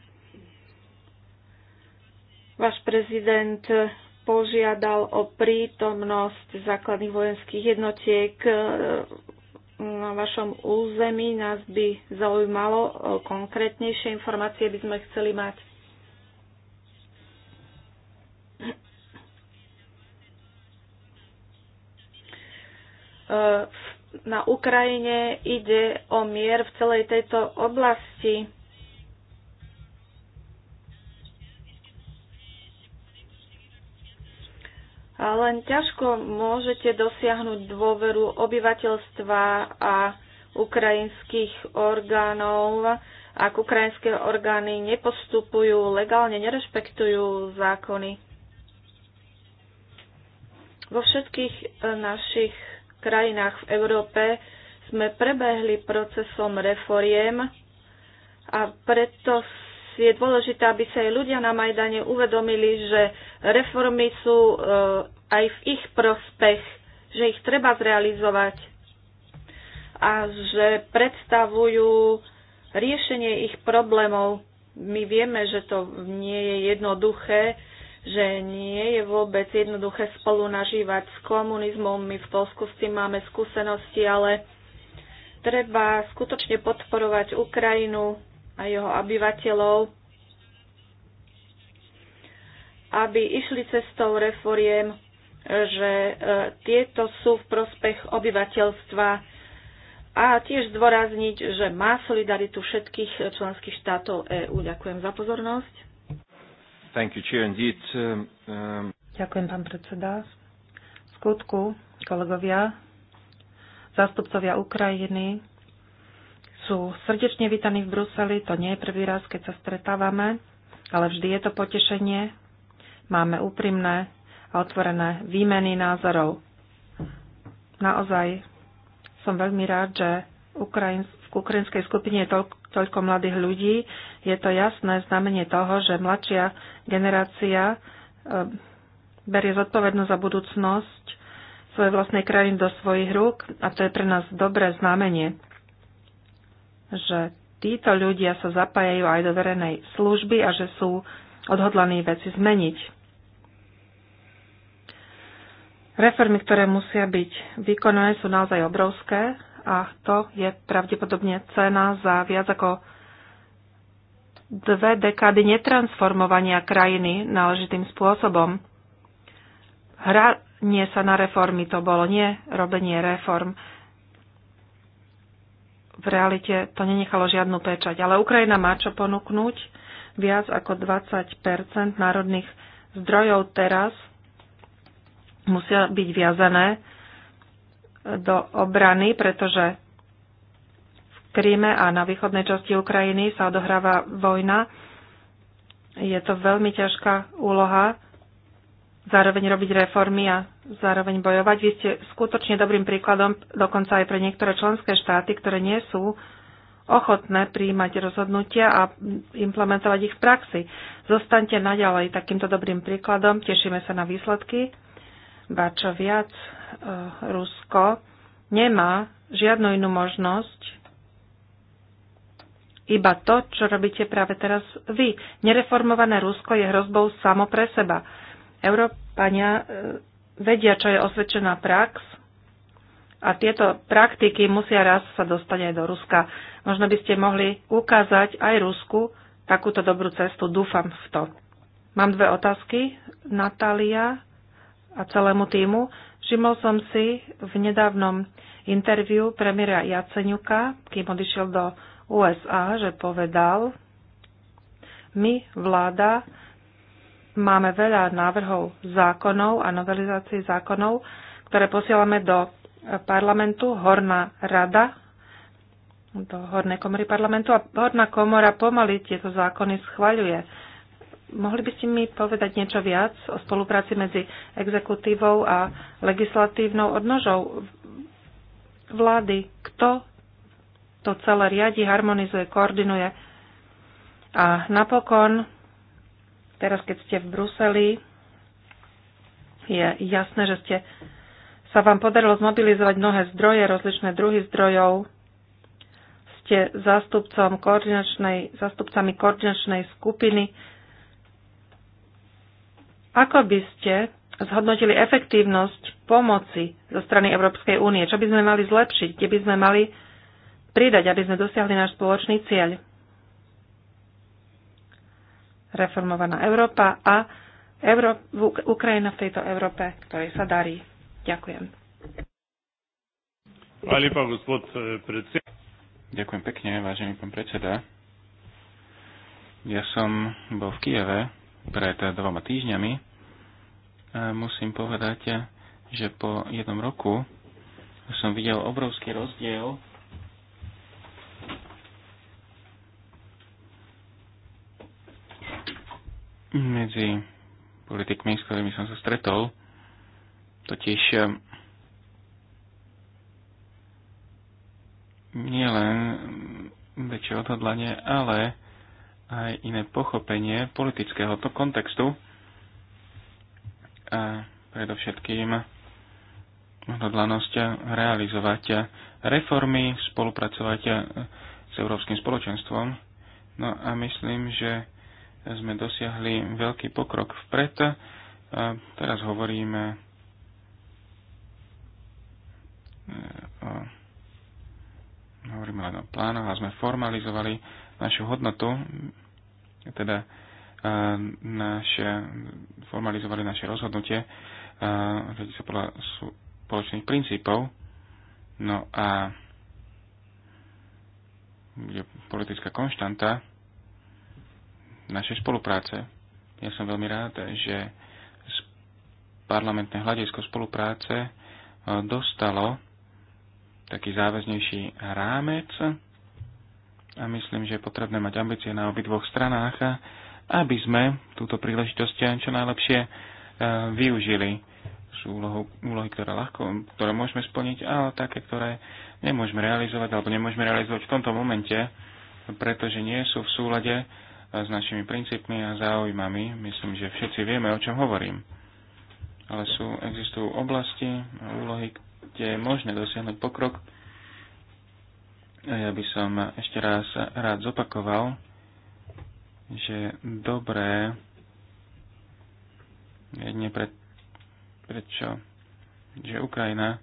Váš prezident požiadal o prítomnosť základných vojenských jednotiek na vašom území. Nás by zaujímalo e, konkrétnejšie informácie, by sme chceli mať. E, na Ukrajine ide o mier v celej tejto oblasti len ťažko môžete dosiahnuť dôveru obyvateľstva a ukrajinských orgánov, ak ukrajinské orgány nepostupujú legálne, nerešpektujú zákony. Vo všetkých e, našich krajinách v Európe sme prebehli procesom reforiem a preto je dôležité, aby sa aj ľudia na Majdane uvedomili, že reformy sú eh, aj v ich prospech, že ich treba zrealizovať a že predstavujú riešenie ich problémov. My vieme, že to nie je jednoduché, že nie je vôbec jednoduché spolu nažívať s komunizmom. My v Polsku s tým máme skúsenosti, ale treba skutočne podporovať Ukrajinu, a jeho obyvateľov, aby išli cestou reforiem, že e, tieto sú v prospech obyvateľstva a tiež zdôrazniť, že má solidaritu všetkých členských štátov EÚ. Ďakujem za pozornosť. Thank you, Chair. Indeed, um, um, Ďakujem, pán predseda. V skutku, kolegovia, zástupcovia Ukrajiny, sú srdečne vítaní v Bruseli. To nie je prvý raz, keď sa stretávame, ale vždy je to potešenie. Máme úprimné a otvorené výmeny názorov. Naozaj som veľmi rád, že v ukrajinskej skupine je toľko, mladých ľudí. Je to jasné znamenie toho, že mladšia generácia e, berie zodpovednosť za budúcnosť svojej vlastnej krajiny do svojich rúk a to je pre nás dobré znamenie že títo ľudia sa zapájajú aj do verejnej služby a že sú odhodlaní veci zmeniť. Reformy, ktoré musia byť vykonané, sú naozaj obrovské a to je pravdepodobne cena za viac ako dve dekády netransformovania krajiny náležitým spôsobom. Hranie sa na reformy to bolo, nie robenie reform v realite to nenechalo žiadnu pečať. Ale Ukrajina má čo ponúknuť. Viac ako 20 národných zdrojov teraz musia byť viazané do obrany, pretože v Kríme a na východnej časti Ukrajiny sa odohráva vojna. Je to veľmi ťažká úloha zároveň robiť reformy a zároveň bojovať. Vy ste skutočne dobrým príkladom, dokonca aj pre niektoré členské štáty, ktoré nie sú ochotné príjmať rozhodnutia a implementovať ich v praxi. Zostaňte naďalej takýmto dobrým príkladom, tešíme sa na výsledky. Ba čo viac, eh, Rusko nemá žiadnu inú možnosť, iba to, čo robíte práve teraz vy. Nereformované Rusko je hrozbou samo pre seba Európania e, vedia, čo je osvedčená prax a tieto praktiky musia raz sa dostať aj do Ruska. Možno by ste mohli ukázať aj Rusku takúto dobrú cestu. Dúfam v to. Mám dve otázky. Natália a celému týmu. Všimol som si v nedávnom interviu premiéra Jaceňuka, kým odišiel do USA, že povedal, my, vláda, Máme veľa návrhov zákonov a novelizácií zákonov, ktoré posielame do e, parlamentu. Horná rada do Hornej komory parlamentu a Horná komora pomaly tieto zákony schvaľuje. Mohli by ste mi povedať niečo viac o spolupráci medzi exekutívou a legislatívnou odnožou vlády? Kto to celé riadi, harmonizuje, koordinuje? A napokon Teraz, keď ste v Bruseli, je jasné, že ste, sa vám podarilo zmobilizovať mnohé zdroje, rozličné druhy zdrojov. Ste zástupcom koordinačnej, zástupcami koordinačnej skupiny. Ako by ste zhodnotili efektívnosť pomoci zo strany Európskej únie? Čo by sme mali zlepšiť? Kde by sme mali pridať, aby sme dosiahli náš spoločný cieľ? reformovaná Európa a Euró- Ukrajina v tejto Európe, ktorej sa darí. Ďakujem. Eh, Ďakujem pekne, vážený pán predseda. Ja som bol v Kieve pred dvoma týždňami a musím povedať, že po jednom roku som videl obrovský rozdiel medzi politikmi, s ktorými som sa stretol, totiž eh, nie len väčšie odhodlanie, ale aj iné pochopenie politického to kontextu a predovšetkým odhodlanosť realizovať reformy, spolupracovať s Európskym spoločenstvom. No a myslím, že sme dosiahli veľký pokrok vpred. Teraz hovoríme e, o, hovoríme len o plánoch a sme formalizovali našu hodnotu, teda e, naše, formalizovali naše rozhodnutie e, riadi sa podľa spoločných princípov. No a bude politická konštanta, našej spolupráce. Ja som veľmi rád, že parlamentné hľadisko spolupráce e, dostalo taký záväznejší rámec a myslím, že je potrebné mať ambície na obidvoch stranách, aby sme túto príležitosť čo najlepšie e, využili. Sú úlohy, úlohy ktoré, ľahko, ktoré môžeme splniť, ale také, ktoré nemôžeme realizovať alebo nemôžeme realizovať v tomto momente, pretože nie sú v súlade s našimi princípmi a záujmami. Myslím, že všetci vieme, o čom hovorím. Ale sú, existujú oblasti a úlohy, kde je možné dosiahnuť pokrok. a Ja by som ešte raz rád zopakoval, že dobré jedne pre, prečo, že Ukrajina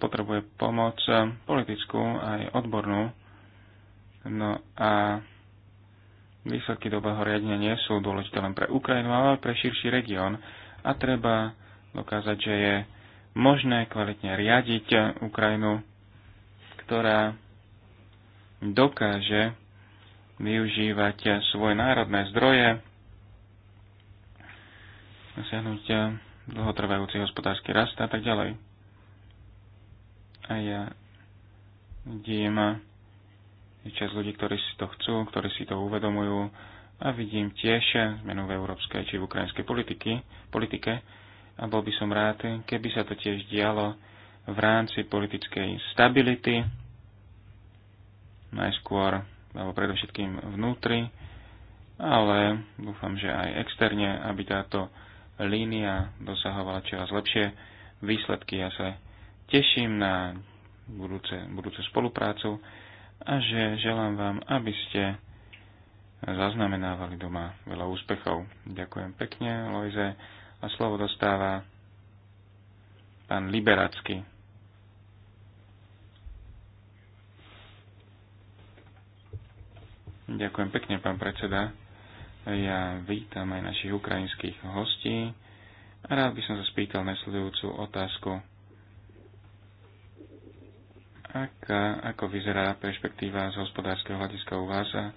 potrebuje pomoc politickú aj odbornú. No a Výsledky dobrého riadenia nie sú dôležité len pre Ukrajinu, ale pre širší región a treba dokázať, že je možné kvalitne riadiť Ukrajinu, ktorá dokáže využívať svoje národné zdroje, dosiahnuť dlhotrvajúci hospodársky rast a tak ďalej. A ja vidím je časť ľudí, ktorí si to chcú, ktorí si to uvedomujú a vidím tiež zmenu v európskej či v ukrajinskej politiky, politike a bol by som rád, keby sa to tiež dialo v rámci politickej stability, najskôr alebo predovšetkým vnútri, ale dúfam, že aj externe, aby táto línia dosahovala čoraz lepšie výsledky. Ja sa teším na budúce, budúcu spoluprácu a že želám vám, aby ste zaznamenávali doma veľa úspechov. Ďakujem pekne, Lojze. A slovo dostáva pán Liberacký. Ďakujem pekne, pán predseda. Ja vítam aj našich ukrajinských hostí a rád by som sa spýtal nasledujúcu otázku aká, ako vyzerá perspektíva z hospodárskeho hľadiska u vás eh,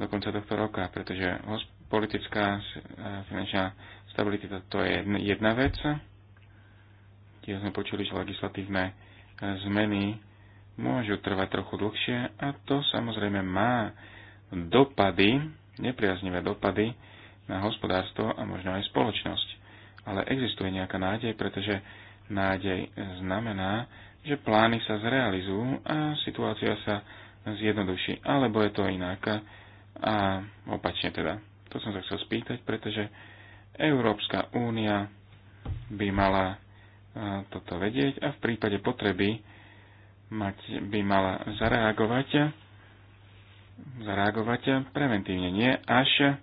do konca tohto roka, pretože politická eh, finančná stabilita to je jedna vec. Tiež sme počuli, že legislatívne eh, zmeny môžu trvať trochu dlhšie a to samozrejme má dopady, nepriaznivé dopady na hospodárstvo a možno aj spoločnosť. Ale existuje nejaká nádej, pretože nádej znamená, že plány sa zrealizujú a situácia sa zjednoduší. Alebo je to inak a opačne teda. To som sa chcel spýtať, pretože Európska únia by mala toto vedieť a v prípade potreby mať, by mala zareagovať, zareagovať preventívne, nie až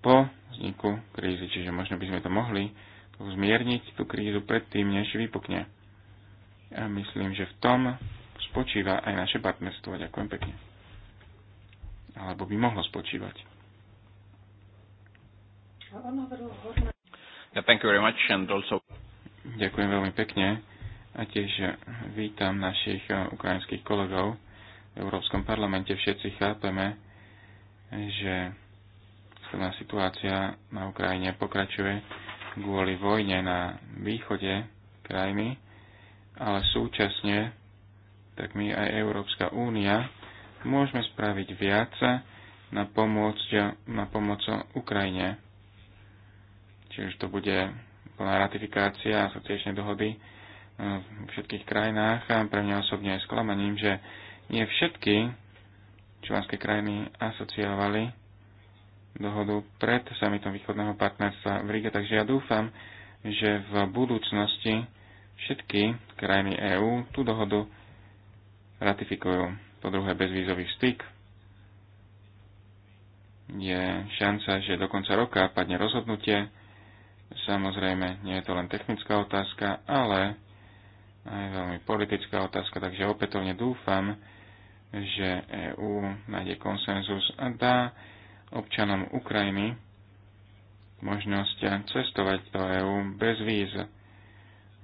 po vzniku krízy. Čiže možno by sme to mohli zmierniť tú krízu predtým, než vypukne a myslím, že v tom spočíva aj naše partnerstvo. Ďakujem pekne. Alebo by mohlo spočívať. Yeah, thank you very much and also... Ďakujem veľmi pekne a tiež vítam našich eh, ukrajinských kolegov v Európskom parlamente. Všetci chápeme, že celá situácia na Ukrajine pokračuje kvôli vojne na východe krajiny ale súčasne, tak my aj Európska únia môžeme spraviť viac na pomoc, na pomoc Ukrajine. Čiže to bude plná ratifikácia asociačnej dohody eh, v všetkých krajinách a pre mňa osobne je sklamaním, že nie všetky členské krajiny asociovali dohodu pred samitom východného partnerstva v Ríge, takže ja dúfam, že v budúcnosti všetky krajiny EÚ tú dohodu ratifikujú. Po druhé, bezvízový styk je šanca, že do konca roka padne rozhodnutie. Samozrejme, nie je to len technická otázka, ale aj veľmi politická otázka, takže opätovne dúfam, že EÚ nájde konsenzus a dá občanom Ukrajiny možnosť cestovať do EÚ bez víz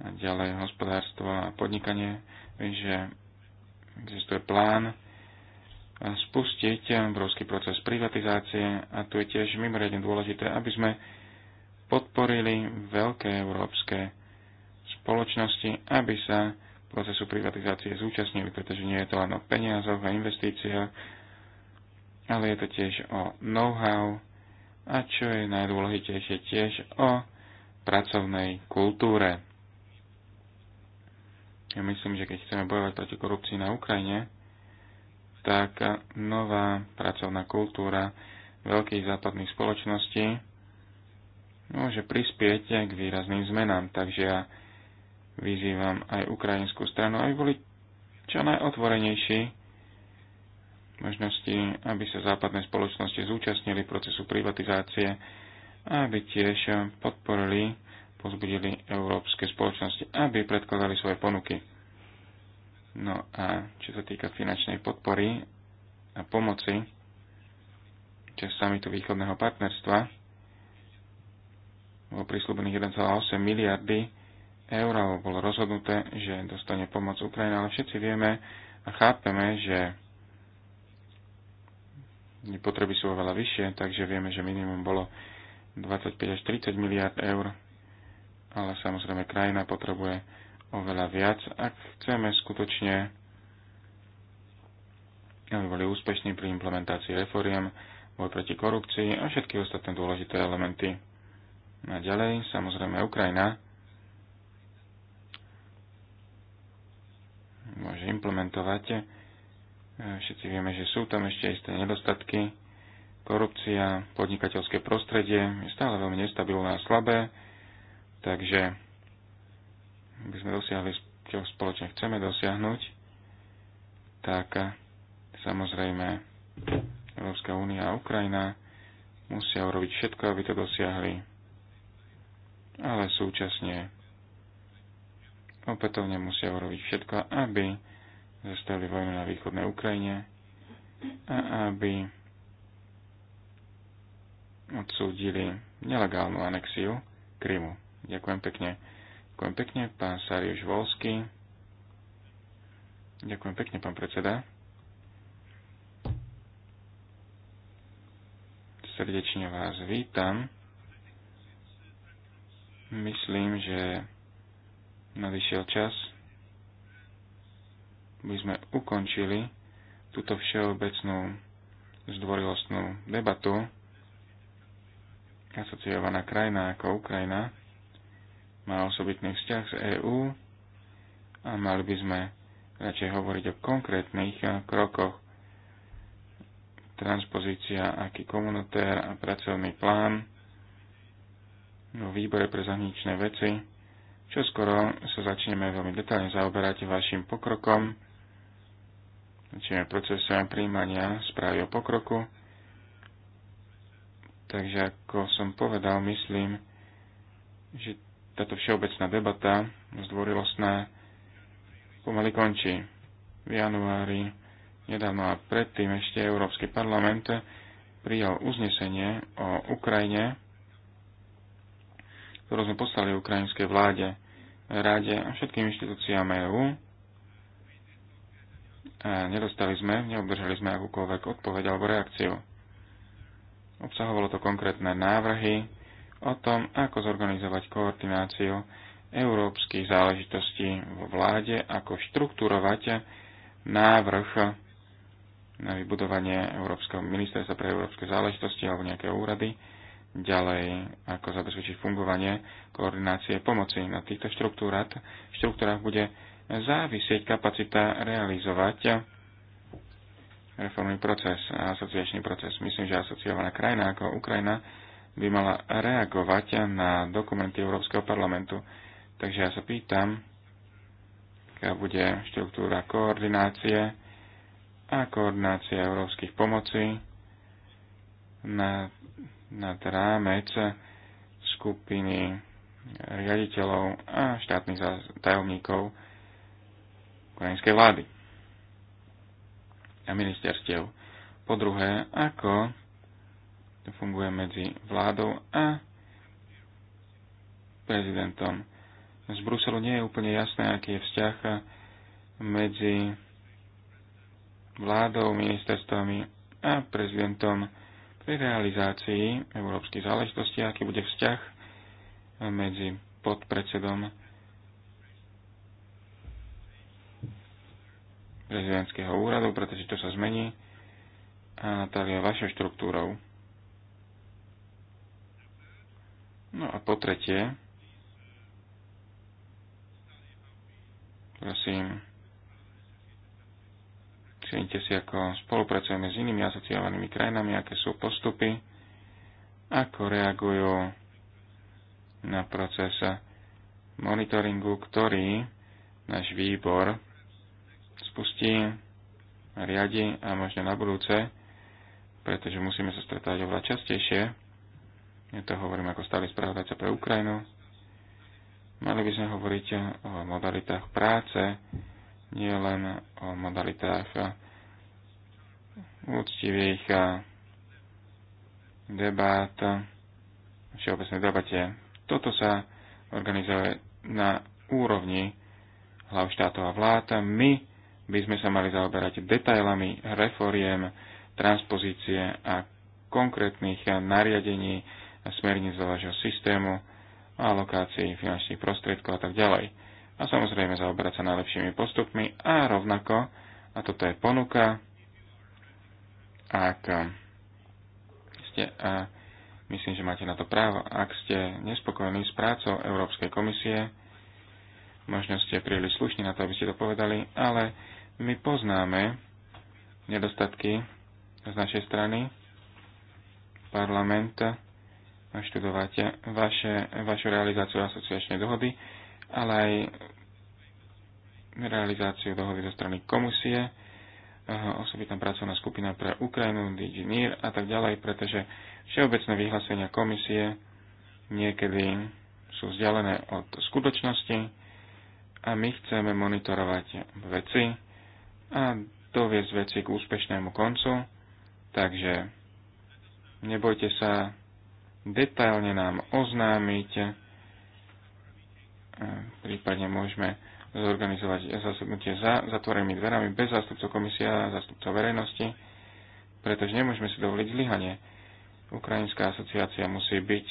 ďalej hospodárstvo a podnikanie. Viem, že existuje plán spustiť obrovský proces privatizácie a tu je tiež mimoriadne dôležité, aby sme podporili veľké európske spoločnosti, aby sa procesu privatizácie zúčastnili, pretože nie je to len o peniazoch a investíciách, ale je to tiež o know-how a čo je najdôležitejšie tiež o pracovnej kultúre. Ja myslím, že keď chceme bojovať proti korupcii na Ukrajine, tak nová pracovná kultúra veľkých západných spoločností môže prispieť k výrazným zmenám. Takže ja vyzývam aj ukrajinskú stranu, aby boli čo najotvorenejší možnosti, aby sa západné spoločnosti zúčastnili procesu privatizácie a aby tiež podporili pozbudili európske spoločnosti, aby predkladali svoje ponuky. No a čo sa týka finančnej podpory a pomoci čas samitu východného partnerstva, bolo prislúbených 1,8 miliardy eur, bolo rozhodnuté, že dostane pomoc Ukrajina, ale všetci vieme a chápeme, že potreby sú oveľa vyššie, takže vieme, že minimum bolo 25 až 30 miliard eur ale samozrejme krajina potrebuje oveľa viac, ak chceme skutočne, aby boli úspešní pri implementácii reforiem, boj proti korupcii a všetky ostatné dôležité elementy. A ďalej, samozrejme, Ukrajina môže implementovať. E, všetci vieme, že sú tam ešte isté nedostatky. Korupcia, podnikateľské prostredie je stále veľmi nestabilné a slabé Takže aby sme dosiahli, čo spoločne chceme dosiahnuť, tak eh, samozrejme Európska únia a Ukrajina musia urobiť všetko, aby to dosiahli, ale súčasne opätovne musia urobiť všetko, aby zastavili vojnu na východnej Ukrajine a aby odsúdili nelegálnu anexiu Krymu. Ďakujem pekne. Ďakujem pekne, pán Sáriuš Volsky. Ďakujem pekne, pán predseda. Srdečne vás vítam. Myslím, že nadišiel čas, by sme ukončili túto všeobecnú zdvorilostnú debatu asociovaná krajina ako Ukrajina má osobitný vzťah z EÚ a mali by sme radšej hovoriť o konkrétnych eh, krokoch. Transpozícia, aký komunitér a pracovný plán vo výbore pre zahraničné veci. Čo skoro sa začneme veľmi detálne zaoberať vašim pokrokom, začneme procesom príjmania správy o pokroku. Takže ako som povedal, myslím, že táto všeobecná debata zdvorilostná pomaly končí. V januári nedávno a predtým ešte Európsky parlament prijal uznesenie o Ukrajine, ktorú sme poslali ukrajinskej vláde, ráde a všetkým inštitúciám EÚ. A nedostali sme, neobdržali sme akúkoľvek odpoveď alebo reakciu. Obsahovalo to konkrétne návrhy o tom, ako zorganizovať koordináciu európskych záležitostí vo vláde, ako štruktúrovať návrh na vybudovanie Európskeho ministerstva pre európske záležitosti alebo nejaké úrady, ďalej ako zabezpečiť fungovanie koordinácie pomoci. Na týchto štruktúrach, štruktúrach bude závisieť kapacita realizovať reformný proces a asociačný proces. Myslím, že asociovaná krajina ako Ukrajina by mala reagovať na dokumenty Európskeho parlamentu. Takže ja sa pýtam, aká bude štruktúra koordinácie a koordinácia európskych pomoci na, na rámec skupiny riaditeľov a štátnych tajomníkov ukrajinskej vlády a ministerstiev. Po druhé, ako funguje medzi vládou a prezidentom. Z Bruselu nie je úplne jasné, aký je vzťah medzi vládou, ministerstvami a prezidentom pri realizácii európskych záležitostí, aký bude vzťah medzi podpredsedom prezidentského úradu, pretože to sa zmení a Natália je vašou štruktúrou. No a po tretie, prosím, všimnite si, ako spolupracujeme s inými asociovanými krajinami, aké sú postupy, ako reagujú na proces monitoringu, ktorý náš výbor spustí, riadi a možno na budúce, pretože musíme sa stretávať oveľa častejšie, ja to hovorím ako stály spravodajca pre Ukrajinu, mali by sme hovoriť o modalitách práce, nie len o modalitách úctivých debát, všeobecnej debate. Toto sa organizuje na úrovni hlav štátov a vlád. My by sme sa mali zaoberať detailami reforiem, transpozície a konkrétnych nariadení, smerníc do vášho systému a lokácii finančných prostriedkov a tak ďalej. A samozrejme zaoberať sa najlepšími postupmi a rovnako, a toto je ponuka, ak ste, a myslím, že máte na to právo, ak ste nespokojní s prácou Európskej komisie, možno ste príliš slušní na to, aby ste to povedali, ale my poznáme nedostatky z našej strany parlament študovať vaše, vašu realizáciu asociačnej dohody, ale aj realizáciu dohody zo strany komisie, eh, osobitná pracovná skupina pre Ukrajinu, DigiNIR a tak ďalej, pretože všeobecné vyhlásenia komisie niekedy sú vzdialené od skutočnosti a my chceme monitorovať veci a doviesť veci k úspešnému koncu, takže nebojte sa detailne nám oznámiť. E, prípadne môžeme zorganizovať zasadnutie za zatvorenými dverami bez zástupcov komisia a zástupcov verejnosti, pretože nemôžeme si dovoliť zlyhanie. Ukrajinská asociácia musí byť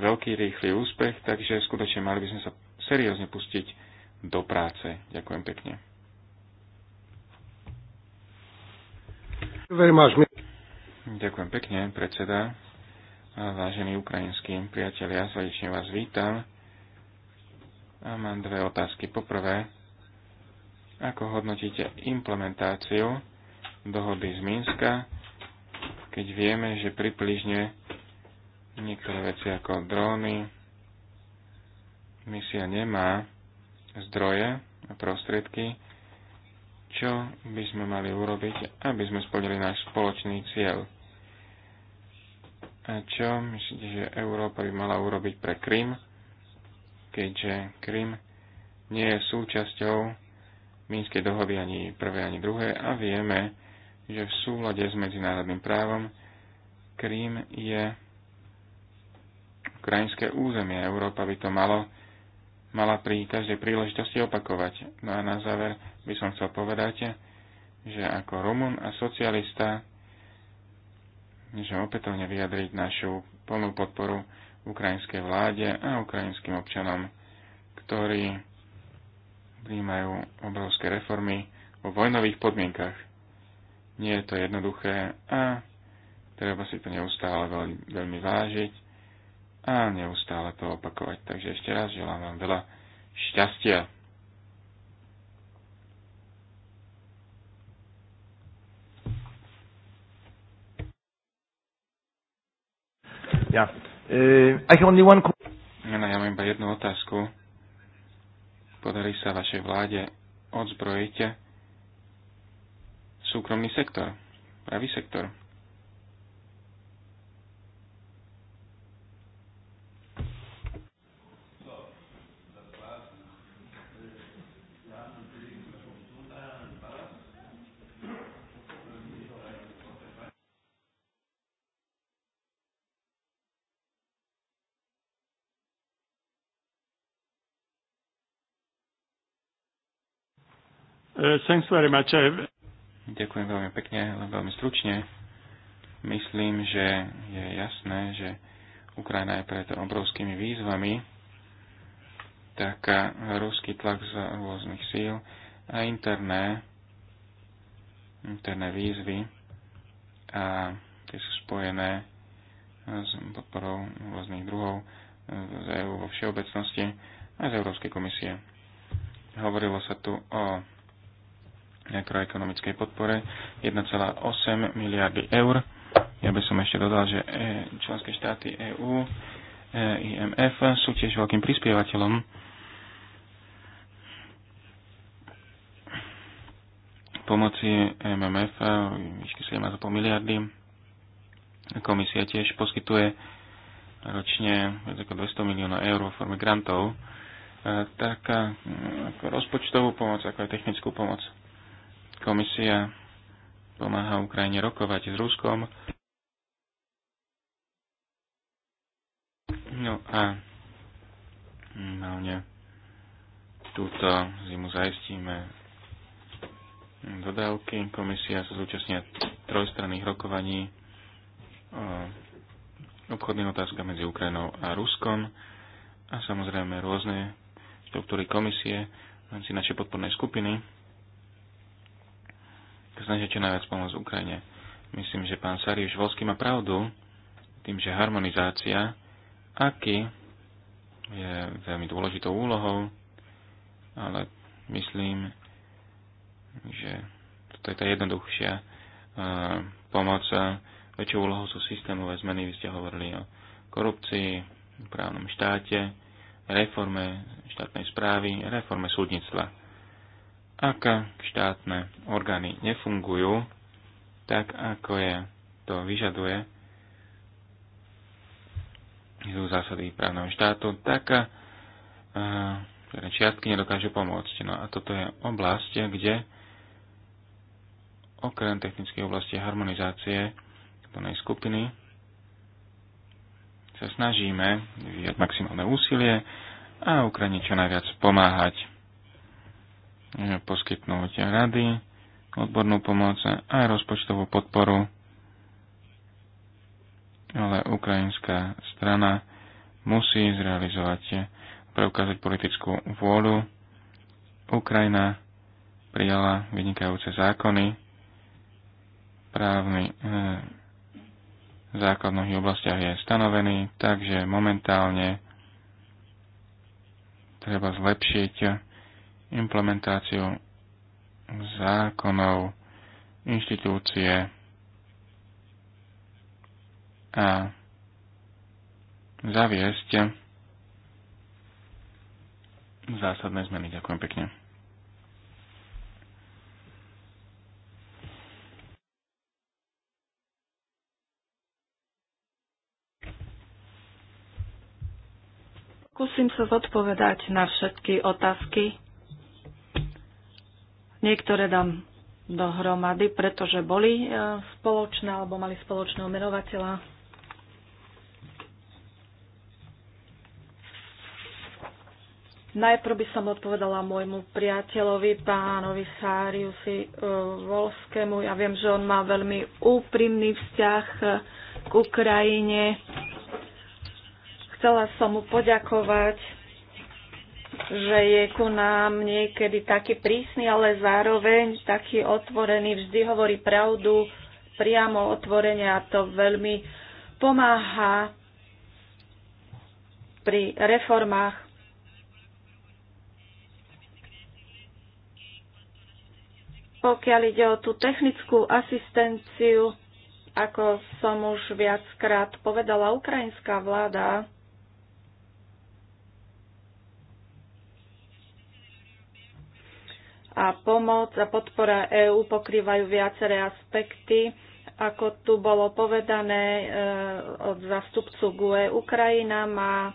veľký, rýchly úspech, takže skutočne mali by sme sa seriózne pustiť do práce. Ďakujem pekne. Ďakujem pekne, predseda vážení ukrajinskí priatelia, ja srdečne vás vítam. A mám dve otázky. Poprvé, ako hodnotíte implementáciu dohody z Minska, keď vieme, že približne niektoré veci ako dróny, misia nemá zdroje a prostriedky, čo by sme mali urobiť, aby sme splnili náš spoločný cieľ. A čo myslíte, že Európa by mala urobiť pre Krym, keďže Krym nie je súčasťou Mínskej dohody ani prvé, ani druhé a vieme, že v súlade s medzinárodným právom Krím je ukrajinské územie. Európa by to malo, mala pri každej príležitosti opakovať. No a na záver by som chcel povedať, že ako Rumun a socialista že opätovne vyjadriť našu plnú podporu ukrajinskej vláde a ukrajinským občanom, ktorí príjmajú obrovské reformy vo vojnových podmienkach. Nie je to jednoduché a treba si to neustále veľmi, veľmi vážiť a neustále to opakovať. Takže ešte raz želám vám veľa šťastia. Yeah. Uh, I only one... No, ja mám iba jednu otázku. Podarí sa vašej vláde odzbrojiť súkromný sektor, pravý sektor? Uh, thanks very much. Ďakujem veľmi pekne, len veľmi stručne. Myslím, že je jasné, že Ukrajina je pred obrovskými výzvami, tak ruský tlak z rôznych síl a interné, interné výzvy a tie sú spojené s podporou rôznych druhov z EU vo všeobecnosti aj z Európskej komisie. Hovorilo sa tu o makroekonomickej podpore 1,8 miliardy eur. Ja by som ešte dodal, že e, členské štáty EÚ, e, IMF sú tiež veľkým prispievateľom pomoci MMF výšky 7,5 miliardy. Komisia tiež poskytuje ročne viac ako 200 miliónov eur v forme grantov, e, tak ako rozpočtovú pomoc, ako aj technickú pomoc komisia pomáha Ukrajine rokovať s Ruskom. No a hlavne túto zimu zaistíme dodávky. Komisia sa zúčastnia trojstranných rokovaní o obchodných otázkach medzi Ukrajinou a Ruskom a samozrejme rôzne štruktúry komisie v rámci našej podpornej skupiny snažia čo najviac pomôcť Ukrajine. Myslím, že pán Sariuš Volský má pravdu tým, že harmonizácia aký je veľmi dôležitou úlohou, ale myslím, že toto je tá jednoduchšia e, pomoc. E, väčšou úlohou sú systémové zmeny. Vy ste hovorili o korupcii, právnom štáte, reforme štátnej správy, reforme súdnictva. Ak štátne orgány nefungujú tak, ako je to vyžaduje, sú zásady právneho štátu, tak a, eh, a, čiastky nedokážu pomôcť. No a toto je oblasť, kde okrem technickej oblasti harmonizácie plnej skupiny sa snažíme vyjať maximálne úsilie a Ukrajine čo najviac pomáhať. E, poskytnúť rady, odbornú pomoc a rozpočtovú podporu. Ale ukrajinská strana musí zrealizovať, preukázať politickú vôľu. Ukrajina prijala vynikajúce zákony, právny e, v základných oblastiach je stanovený, takže momentálne treba zlepšiť implementáciu zákonov, inštitúcie a zaviesť zásadné zmeny. Ďakujem pekne. Musím sa zodpovedať na všetky otázky. Niektoré dám dohromady, pretože boli e, spoločné alebo mali spoločného menovateľa. Najprv by som odpovedala môjmu priateľovi, pánovi Sáriusi e, Volskému. Ja viem, že on má veľmi úprimný vzťah e, k Ukrajine. Chcela som mu poďakovať že je ku nám niekedy taký prísny, ale zároveň taký otvorený, vždy hovorí pravdu priamo otvorenie, a to veľmi pomáha pri reformách. Pokiaľ ide o tú technickú asistenciu, ako som už viackrát povedala, ukrajinská vláda a pomoc a podpora EÚ pokrývajú viaceré aspekty. Ako tu bolo povedané e, od zastupcu GUE, Ukrajina má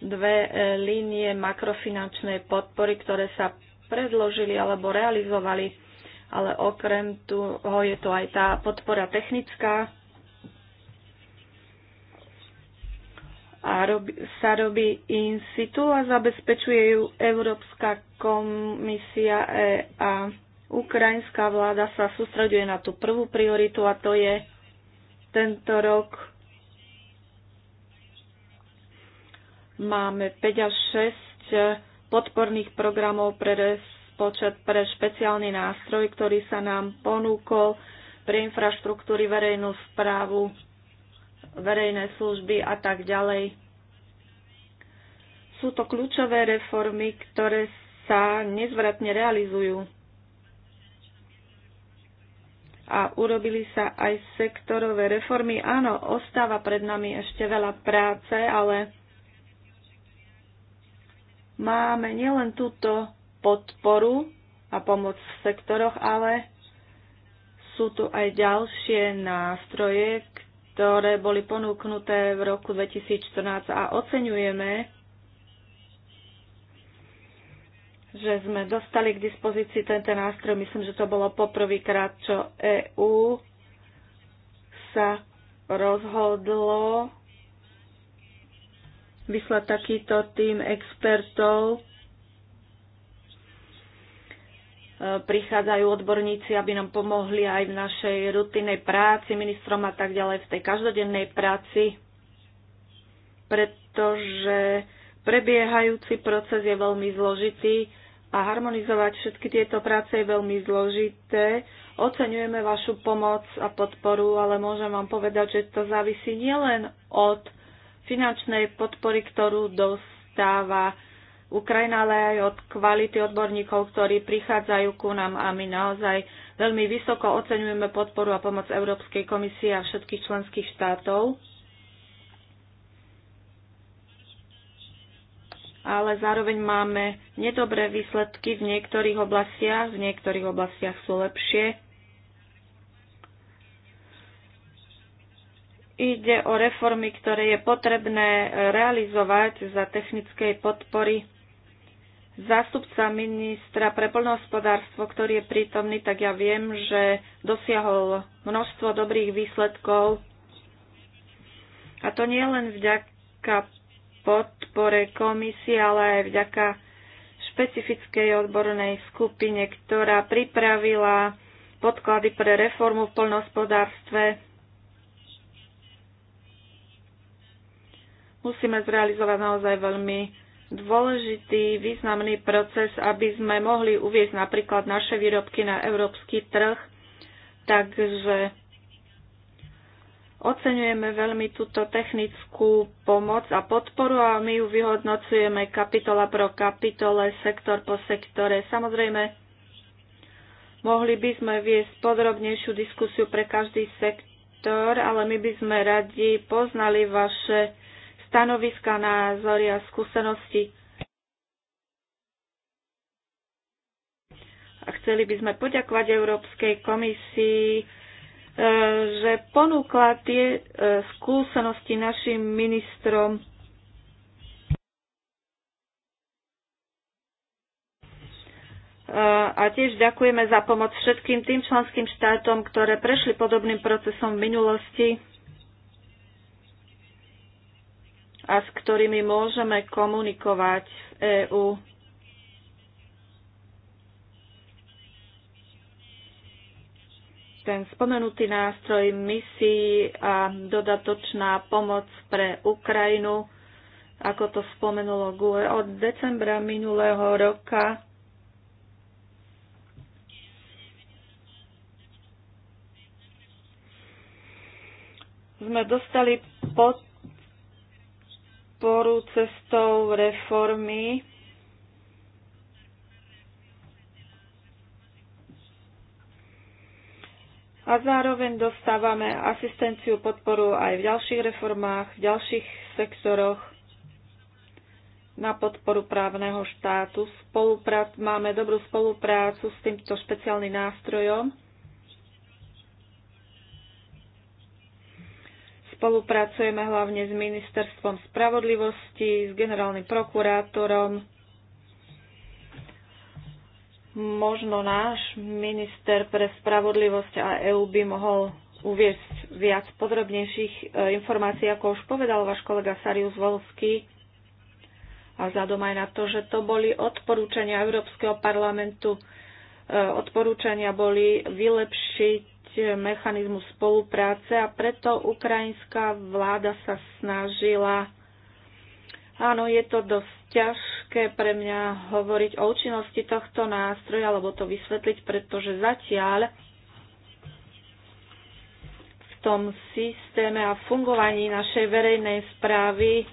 dve e, línie makrofinančnej podpory, ktoré sa predložili alebo realizovali, ale okrem toho je to aj tá podpora technická, a robi, sa robí in situ a zabezpečuje ju Európska komisia e, a ukrajinská vláda sa sústreďuje na tú prvú prioritu a to je tento rok máme 5 až 6 podporných programov pre rozpočet pre špeciálny nástroj, ktorý sa nám ponúkol pre infraštruktúry verejnú správu verejné služby a tak ďalej. Sú to kľúčové reformy, ktoré sa nezvratne realizujú. A urobili sa aj sektorové reformy. Áno, ostáva pred nami ešte veľa práce, ale máme nielen túto podporu a pomoc v sektoroch, ale sú tu aj ďalšie nástroje, ktoré boli ponúknuté v roku 2014 a oceňujeme, že sme dostali k dispozícii tento nástroj. Myslím, že to bolo poprvýkrát, čo EÚ sa rozhodlo vyslať takýto tým expertov prichádzajú odborníci, aby nám pomohli aj v našej rutinnej práci, ministrom a tak ďalej, v tej každodennej práci, pretože prebiehajúci proces je veľmi zložitý a harmonizovať všetky tieto práce je veľmi zložité. Oceňujeme vašu pomoc a podporu, ale môžem vám povedať, že to závisí nielen od finančnej podpory, ktorú dostáva Ukrajina, ale aj od kvality odborníkov, ktorí prichádzajú ku nám a my naozaj veľmi vysoko oceňujeme podporu a pomoc Európskej komisie a všetkých členských štátov. ale zároveň máme nedobré výsledky v niektorých oblastiach, v niektorých oblastiach sú lepšie. Ide o reformy, ktoré je potrebné realizovať za technickej podpory zástupca ministra pre poľnohospodárstvo, ktorý je prítomný, tak ja viem, že dosiahol množstvo dobrých výsledkov. A to nie len vďaka podpore komisie, ale aj vďaka špecifickej odbornej skupine, ktorá pripravila podklady pre reformu v poľnohospodárstve. Musíme zrealizovať naozaj veľmi dôležitý, významný proces, aby sme mohli uviezť napríklad naše výrobky na európsky trh. Takže oceňujeme veľmi túto technickú pomoc a podporu a my ju vyhodnocujeme kapitola pro kapitole, sektor po sektore. Samozrejme, mohli by sme viesť podrobnejšiu diskusiu pre každý sektor, ale my by sme radi poznali vaše stanoviska, názory a skúsenosti. A chceli by sme poďakovať Európskej komisii, e, že ponúkla tie e, skúsenosti našim ministrom e, a tiež ďakujeme za pomoc všetkým tým členským štátom, ktoré prešli podobným procesom v minulosti. a s ktorými môžeme komunikovať v EÚ. Ten spomenutý nástroj misií a dodatočná pomoc pre Ukrajinu, ako to spomenulo GUE, od decembra minulého roka sme dostali pod podporu cestou reformy a zároveň dostávame asistenciu, podporu aj v ďalších reformách, v ďalších sektoroch na podporu právneho štátu. máme dobrú spoluprácu s týmto špeciálnym nástrojom Spolupracujeme hlavne s Ministerstvom spravodlivosti, s generálnym prokurátorom. Možno náš minister pre spravodlivosť a EÚ by mohol uviesť viac podrobnejších e, informácií, ako už povedal váš kolega Sarius Volsky, A vzhľadom aj na to, že to boli odporúčania Európskeho parlamentu, e, odporúčania boli vylepšiť zaviesť mechanizmu spolupráce a preto ukrajinská vláda sa snažila. Áno, je to dosť ťažké pre mňa hovoriť o účinnosti tohto nástroja, alebo to vysvetliť, pretože zatiaľ v tom systéme a fungovaní našej verejnej správy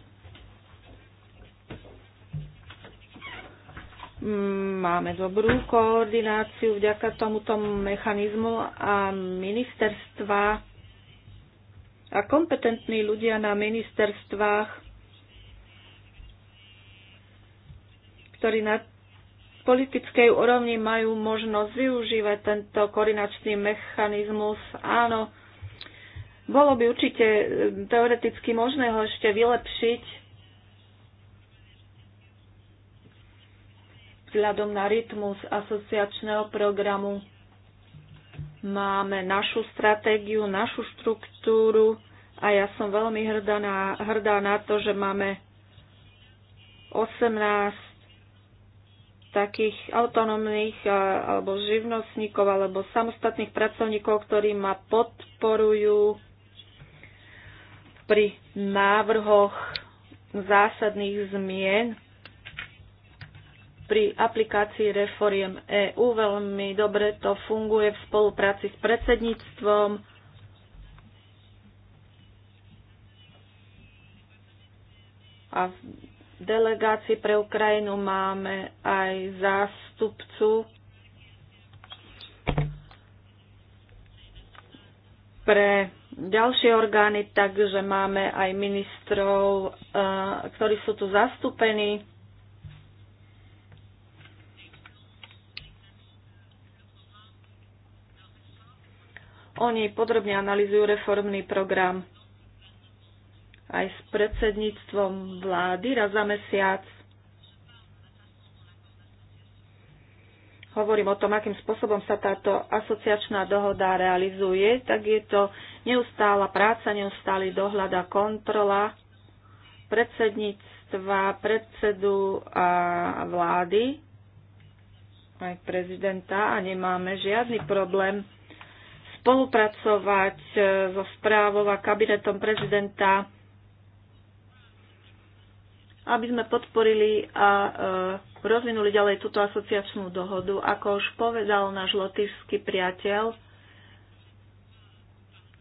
Máme dobrú koordináciu vďaka tomuto mechanizmu a ministerstva a kompetentní ľudia na ministerstvách, ktorí na politickej úrovni majú možnosť využívať tento koordinačný mechanizmus. Áno, bolo by určite e, teoreticky možné ho ešte vylepšiť, vzhľadom na rytmus asociačného programu. Máme našu stratégiu, našu štruktúru a ja som veľmi hrdá na, hrdá na to, že máme 18 takých autonómnych alebo živnostníkov alebo samostatných pracovníkov, ktorí ma podporujú pri návrhoch zásadných zmien pri aplikácii reforiem EÚ. Veľmi dobre to funguje v spolupráci s predsedníctvom. A v delegácii pre Ukrajinu máme aj zástupcu pre ďalšie orgány, takže máme aj ministrov, eh, ktorí sú tu zastúpení. Oni podrobne analizujú reformný program aj s predsedníctvom vlády raz za mesiac. Hovorím o tom, akým spôsobom sa táto asociačná dohoda realizuje, tak je to neustála práca, neustály dohľad a kontrola predsedníctva, predsedu a vlády, aj prezidenta a nemáme žiadny problém spolupracovať e, so správou a kabinetom prezidenta, aby sme podporili a e, rozvinuli ďalej túto asociačnú dohodu. Ako už povedal náš lotišský priateľ,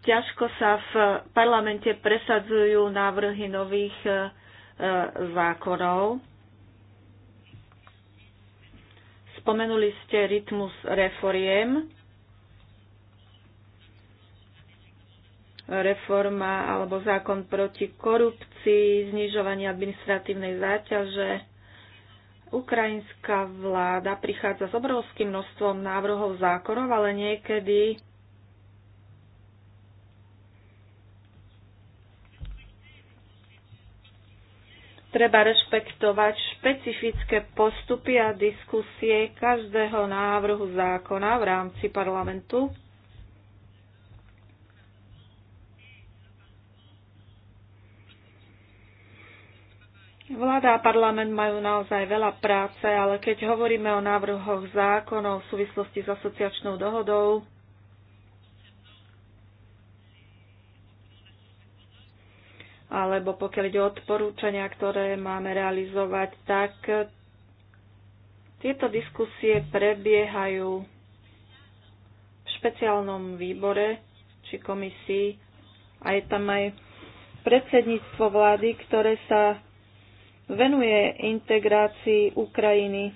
ťažko sa v parlamente presadzujú návrhy nových e, zákonov. Spomenuli ste rytmus reforiem. reforma alebo zákon proti korupcii, znižovanie administratívnej záťaže. Ukrajinská vláda prichádza s obrovským množstvom návrhov zákonov, ale niekedy treba rešpektovať špecifické postupy a diskusie každého návrhu zákona v rámci parlamentu. Vláda a parlament majú naozaj veľa práce, ale keď hovoríme o návrhoch zákonov v súvislosti s asociačnou dohodou, alebo pokiaľ ide o odporúčania, ktoré máme realizovať, tak tieto diskusie prebiehajú v špeciálnom výbore či komisii a je tam aj predsedníctvo vlády, ktoré sa venuje integrácii Ukrajiny.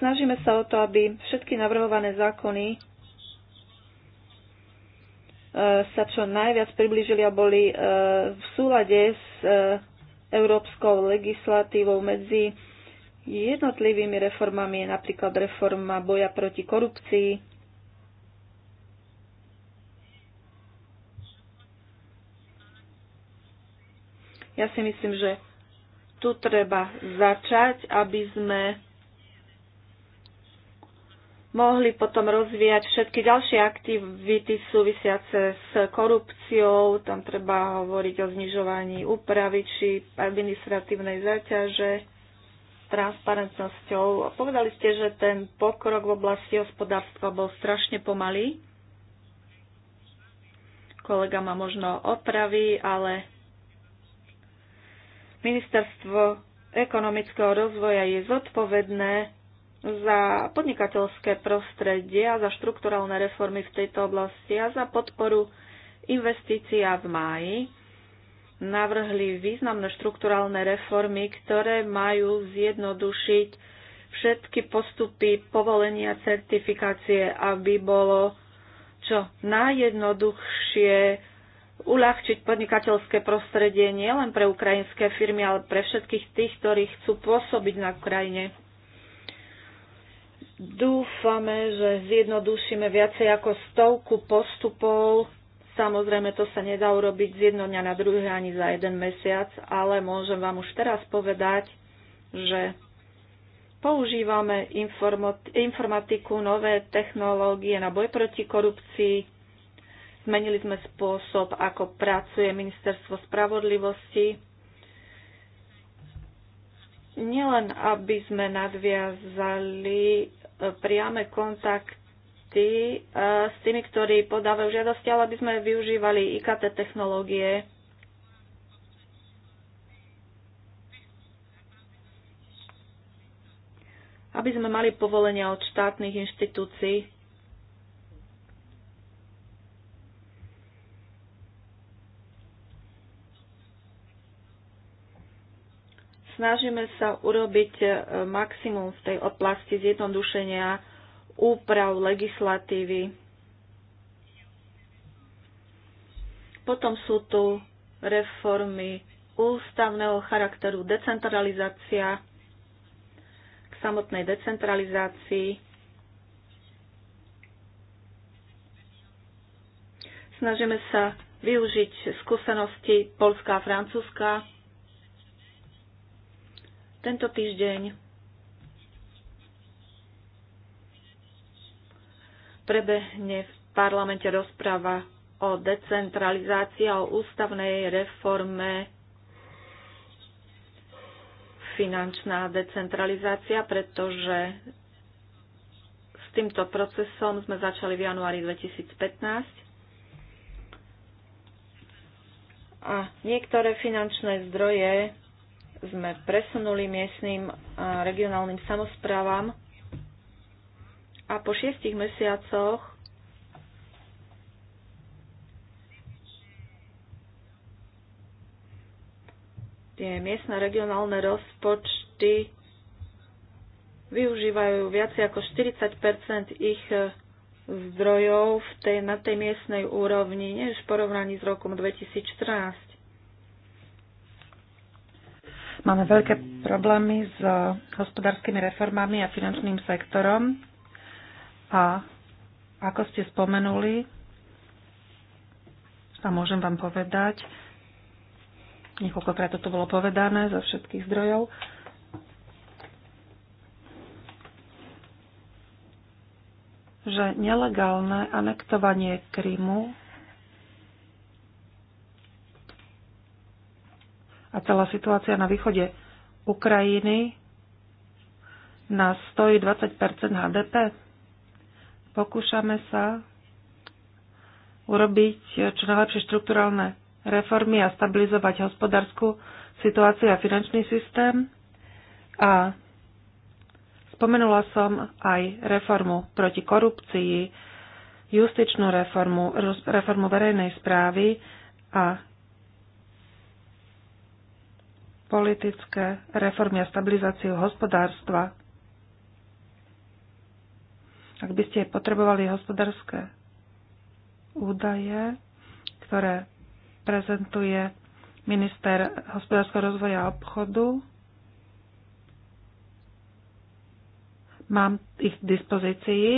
Snažíme sa o to, aby všetky navrhované zákony e, sa čo najviac priblížili a boli e, v súlade s e, európskou legislatívou medzi jednotlivými reformami, napríklad reforma boja proti korupcii, Ja si myslím, že tu treba začať, aby sme mohli potom rozvíjať všetky ďalšie aktivity súvisiace s korupciou. Tam treba hovoriť o znižovaní úpravy či administratívnej záťaže, transparentnosťou. Povedali ste, že ten pokrok v oblasti hospodárstva bol strašne pomalý. Kolega ma možno opraví, ale Ministerstvo ekonomického rozvoja je zodpovedné za podnikateľské prostredie a za štrukturálne reformy v tejto oblasti a za podporu investícia v máji navrhli významné štrukturálne reformy, ktoré majú zjednodušiť všetky postupy povolenia certifikácie, aby bolo čo najjednoduchšie uľahčiť podnikateľské prostredie nielen pre ukrajinské firmy, ale pre všetkých tých, ktorí chcú pôsobiť na Ukrajine. Dúfame, že zjednodušíme viacej ako stovku postupov. Samozrejme, to sa nedá urobiť z jedno dňa na druhé ani za jeden mesiac, ale môžem vám už teraz povedať, že používame informatiku, nové technológie na boj proti korupcii, Zmenili sme spôsob, ako pracuje Ministerstvo spravodlivosti. Nielen, aby sme nadviazali e, priame kontakty e, s tými, ktorí podávajú žiadosti, ale aby sme využívali IKT technológie. aby sme mali povolenia od štátnych inštitúcií Snažíme sa urobiť e, maximum v tej oblasti zjednodušenia úprav legislatívy. Potom sú tu reformy ústavného charakteru, decentralizácia, k samotnej decentralizácii. Snažíme sa využiť skúsenosti Polska a Francúzska tento týždeň prebehne v parlamente rozprava o decentralizácii a o ústavnej reforme finančná decentralizácia, pretože s týmto procesom sme začali v januári 2015 a niektoré finančné zdroje sme presunuli miestnym regionálnym samozprávam a po šiestich mesiacoch tie miestne regionálne rozpočty využívajú viac ako 40 ich e, zdrojov v tej, na tej miestnej úrovni, než v porovnaní s rokom 2014. Máme veľké problémy s hospodárskymi reformami a finančným sektorom. A ako ste spomenuli, a môžem vám povedať, niekoľkokrát toto bolo povedané zo všetkých zdrojov, že nelegálne anektovanie Krymu a celá situácia na východe Ukrajiny na 120 HDP. Pokúšame sa urobiť čo najlepšie štrukturálne reformy a stabilizovať hospodárskú situáciu a finančný systém. A spomenula som aj reformu proti korupcii, justičnú reformu, reformu verejnej správy a politické reformy a stabilizáciu hospodárstva. Ak by ste potrebovali hospodárske údaje, ktoré prezentuje minister hospodárskeho rozvoja a obchodu, mám ich k dispozícii.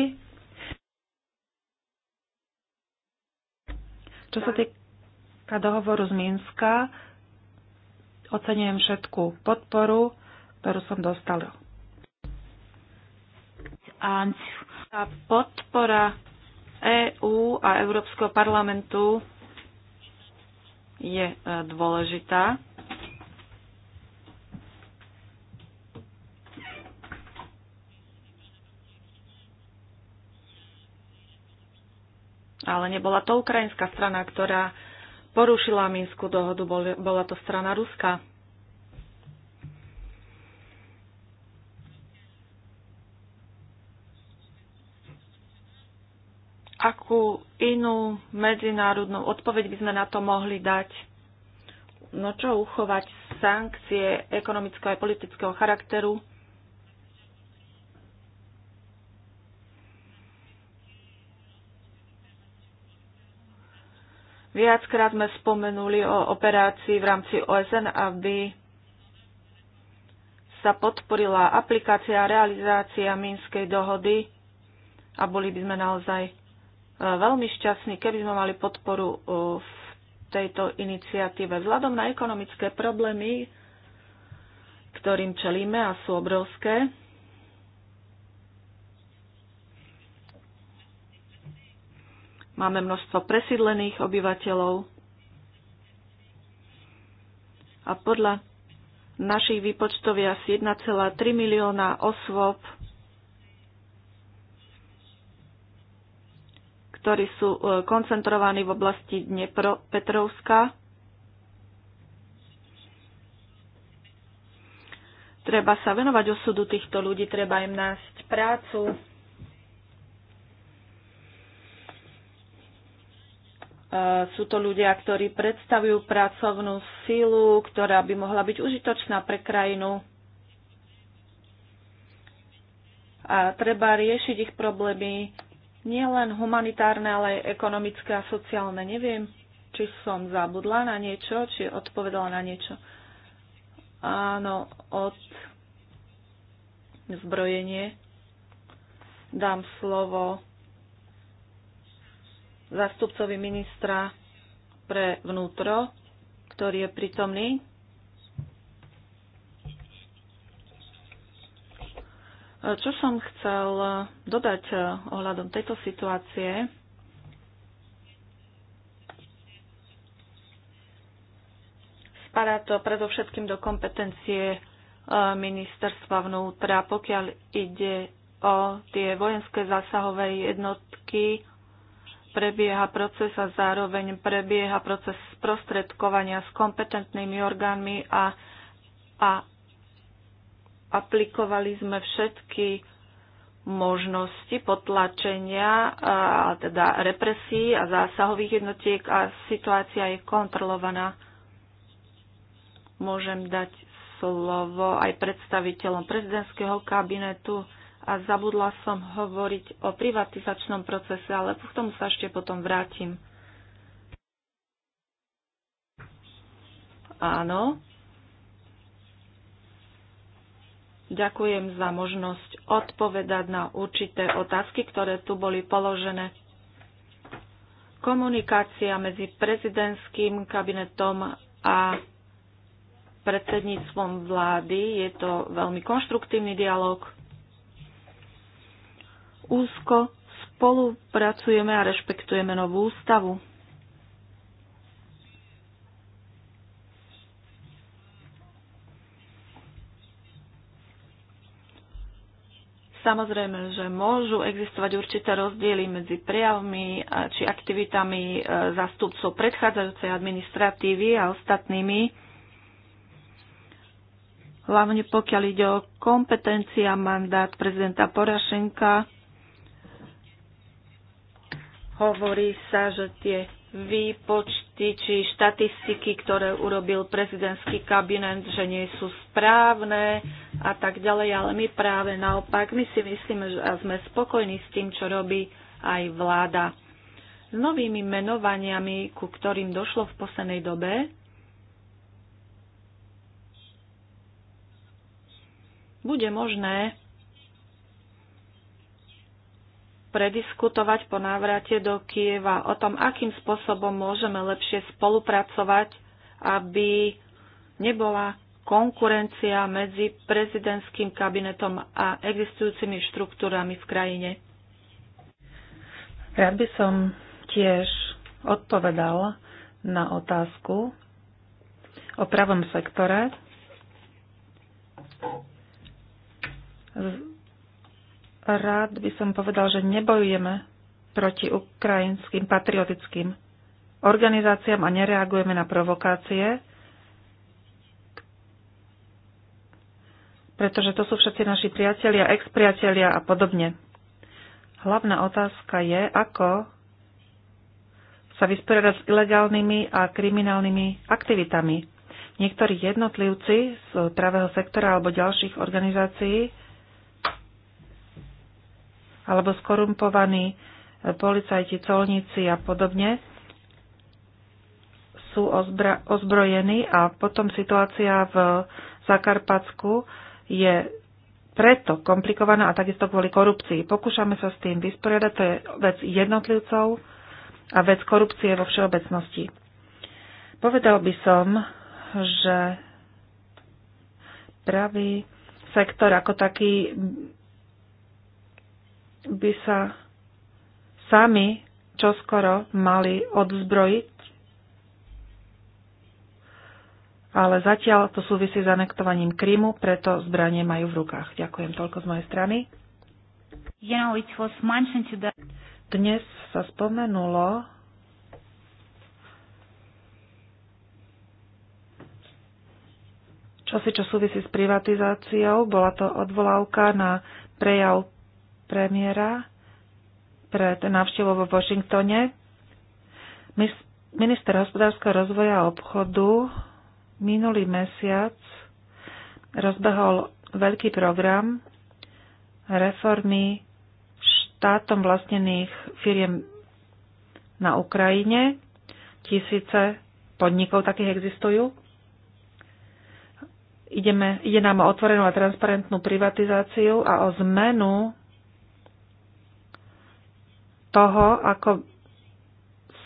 Čo sa týka dohovoru z Minska, ocenujem všetku podporu, ktorú som dostala. A tá podpora EÚ a Európskeho parlamentu je e, dôležitá. Ale nebola to ukrajinská strana, ktorá porušila Minskú dohodu, bola to strana Ruska. Akú inú medzinárodnú odpoveď by sme na to mohli dať? No čo uchovať sankcie ekonomického a politického charakteru? Viackrát sme spomenuli o operácii v rámci OSN, aby sa podporila aplikácia a realizácia Minskej dohody a boli by sme naozaj e, veľmi šťastní, keby sme mali podporu e, v tejto iniciatíve. Vzhľadom na ekonomické problémy, ktorým čelíme a sú obrovské, Máme množstvo presídlených obyvateľov. A podľa našich výpočtov je asi 1,3 milióna osôb, ktorí sú e, koncentrovaní v oblasti Dnepropetrovska. Treba sa venovať osudu týchto ľudí, treba im nájsť prácu. Eh, sú to ľudia, ktorí predstavujú pracovnú silu, ktorá by mohla byť užitočná pre krajinu. A treba riešiť ich problémy nielen humanitárne, ale aj ekonomické a sociálne. Neviem, či som zabudla na niečo, či odpovedala na niečo. Áno, od zbrojenie dám slovo zástupcovi ministra pre vnútro, ktorý je prítomný. Čo som chcel dodať ohľadom tejto situácie, spadá to predovšetkým do kompetencie e, ministerstva vnútra, pokiaľ ide o tie vojenské zásahové jednotky prebieha proces a zároveň prebieha proces sprostredkovania s kompetentnými orgánmi a, a aplikovali sme všetky možnosti potlačenia, a teda represí a zásahových jednotiek a situácia je kontrolovaná. Môžem dať slovo aj predstaviteľom prezidentského kabinetu a zabudla som hovoriť o privatizačnom procese, ale k tomu sa ešte potom vrátim. Áno. Ďakujem za možnosť odpovedať na určité otázky, ktoré tu boli položené. Komunikácia medzi prezidentským kabinetom a predsedníctvom vlády je to veľmi konštruktívny dialog úzko spolupracujeme a rešpektujeme novú ústavu. Samozrejme, že môžu existovať určité rozdiely medzi prejavmi či aktivitami e, zastupcov predchádzajúcej administratívy a ostatnými, hlavne pokiaľ ide o kompetencia mandát prezidenta Porašenka Hovorí sa, že tie výpočty či štatistiky, ktoré urobil prezidentský kabinet, že nie sú správne a tak ďalej, ale my práve naopak, my si myslíme že a sme spokojní s tým, čo robí aj vláda. S novými menovaniami, ku ktorým došlo v poslednej dobe, bude možné prediskutovať po návrate do Kieva o tom, akým spôsobom môžeme lepšie spolupracovať, aby nebola konkurencia medzi prezidentským kabinetom a existujúcimi štruktúrami v krajine. Rád by som tiež odpovedal na otázku o pravom sektore. Rád by som povedal, že nebojujeme proti ukrajinským patriotickým organizáciám a nereagujeme na provokácie, pretože to sú všetci naši priatelia, expriatelia a podobne. Hlavná otázka je, ako sa vysporiadať s ilegálnymi a kriminálnymi aktivitami. Niektorí jednotlivci z pravého sektora alebo ďalších organizácií alebo skorumpovaní e, policajti, colníci a podobne sú ozbra- ozbrojení a potom situácia v Zakarpatsku je preto komplikovaná a takisto kvôli korupcii. Pokúšame sa s tým vysporiadať, to je vec jednotlivcov a vec korupcie vo všeobecnosti. Povedal by som, že pravý sektor ako taký by sa sami čoskoro mali odzbrojiť, ale zatiaľ to súvisí s anektovaním Krymu, preto zbranie majú v rukách. Ďakujem toľko z mojej strany. Dnes sa spomenulo, čosi, čo súvisí s privatizáciou. Bola to odvolávka na prejav premiéra pred návštevou vo Washingtone. Minister hospodárskeho rozvoja a obchodu minulý mesiac rozbehol veľký program reformy štátom vlastnených firiem na Ukrajine. Tisíce podnikov takých existujú. Ideme, ide nám o otvorenú a transparentnú privatizáciu a o zmenu toho, ako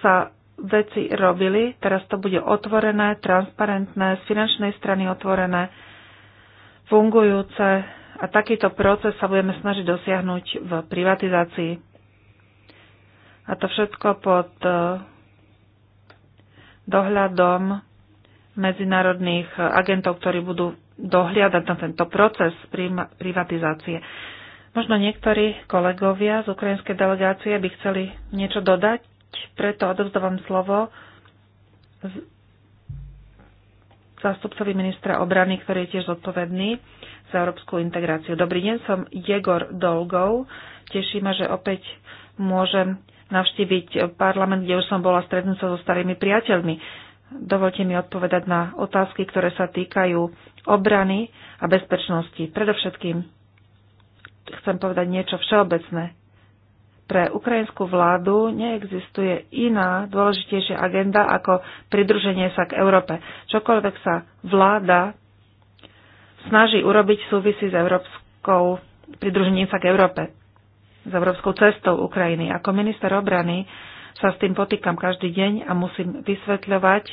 sa veci robili. Teraz to bude otvorené, transparentné, z finančnej strany otvorené, fungujúce a takýto proces sa budeme snažiť dosiahnuť v privatizácii. A to všetko pod e, dohľadom medzinárodných agentov, ktorí budú dohliadať na tento proces privatizácie. Možno niektorí kolegovia z ukrajinskej delegácie by chceli niečo dodať, preto odovzdávam slovo zástupcovi ministra obrany, ktorý je tiež zodpovedný za európsku integráciu. Dobrý deň, som Jegor Dolgov. Teší ma, že opäť môžem navštíviť parlament, kde už som bola stretnúť sa so starými priateľmi. Dovolte mi odpovedať na otázky, ktoré sa týkajú obrany a bezpečnosti. Predovšetkým chcem povedať niečo všeobecné. Pre ukrajinskú vládu neexistuje iná dôležitejšia agenda ako pridruženie sa k Európe. Čokoľvek sa vláda snaží urobiť súvisí s európskou pridružením sa k Európe, s európskou cestou Ukrajiny. Ako minister obrany sa s tým potýkam každý deň a musím vysvetľovať,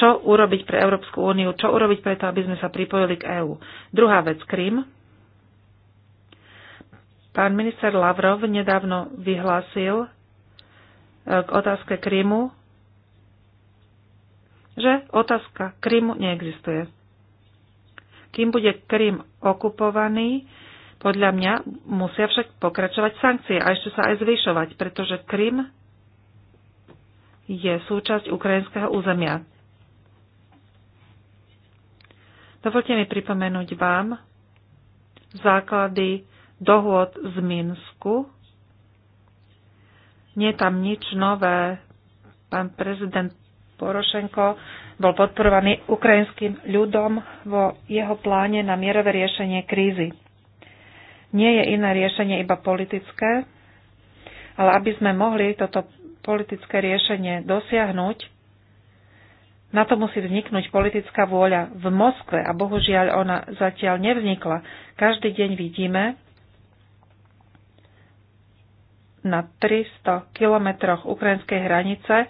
čo urobiť pre Európsku úniu, čo urobiť preto, aby sme sa pripojili k EÚ. Druhá vec, Krym. Pán minister Lavrov nedávno vyhlásil e, k otázke Krymu, že otázka Krymu neexistuje. Kým bude Krym okupovaný, podľa mňa musia však pokračovať sankcie a ešte sa aj zvyšovať, pretože Krym je súčasť ukrajinského územia. Dovolte mi pripomenúť vám základy dohôd z Minsku. Nie je tam nič nové. Pán prezident Porošenko bol podporovaný ukrajinským ľudom vo jeho pláne na mierové riešenie krízy. Nie je iné riešenie iba politické, ale aby sme mohli toto politické riešenie dosiahnuť, na to musí vzniknúť politická vôľa v Moskve a bohužiaľ ona zatiaľ nevznikla. Každý deň vidíme, na 300 kilometroch ukrajinskej hranice. E,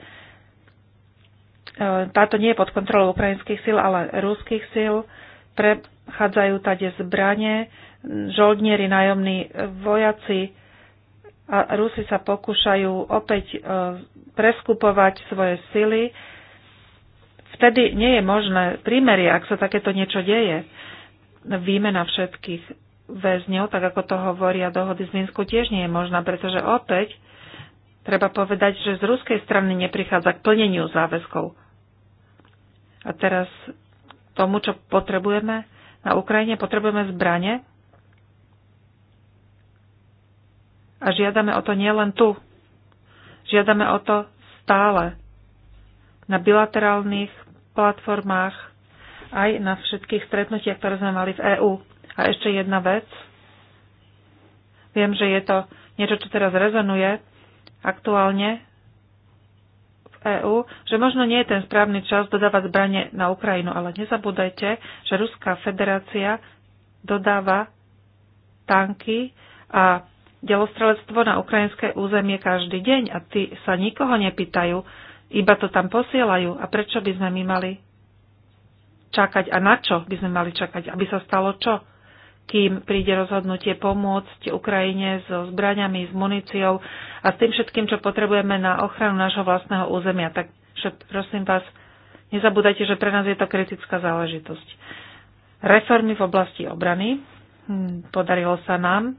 táto nie je pod kontrolou ukrajinských síl, ale ruských síl. Prechádzajú tade zbranie, žoldnieri, nájomní vojaci a Rusi sa pokúšajú opäť e, preskupovať svoje sily. Vtedy nie je možné prímerie, ak sa takéto niečo deje. Výmena všetkých väzňov, tak ako to hovoria dohody z Minsku, tiež nie je možná, pretože opäť treba povedať, že z ruskej strany neprichádza k plneniu záväzkov. A teraz tomu, čo potrebujeme na Ukrajine, potrebujeme zbranie a žiadame o to nielen tu. Žiadame o to stále. Na bilaterálnych platformách, aj na všetkých stretnutiach, ktoré sme mali v EÚ. A ešte jedna vec. Viem, že je to niečo, čo teraz rezonuje aktuálne v EÚ, že možno nie je ten správny čas dodávať zbranie na Ukrajinu, ale nezabúdajte, že Ruská federácia dodáva tanky a delostrelectvo na ukrajinské územie každý deň a ty sa nikoho nepýtajú, iba to tam posielajú. A prečo by sme my mali čakať a na čo by sme mali čakať, aby sa stalo čo? kým príde rozhodnutie pomôcť Ukrajine so zbraniami, s muníciou a s tým všetkým, čo potrebujeme na ochranu nášho vlastného územia. Takže prosím vás, nezabúdajte, že pre nás je to kritická záležitosť. Reformy v oblasti obrany. Hm, podarilo sa nám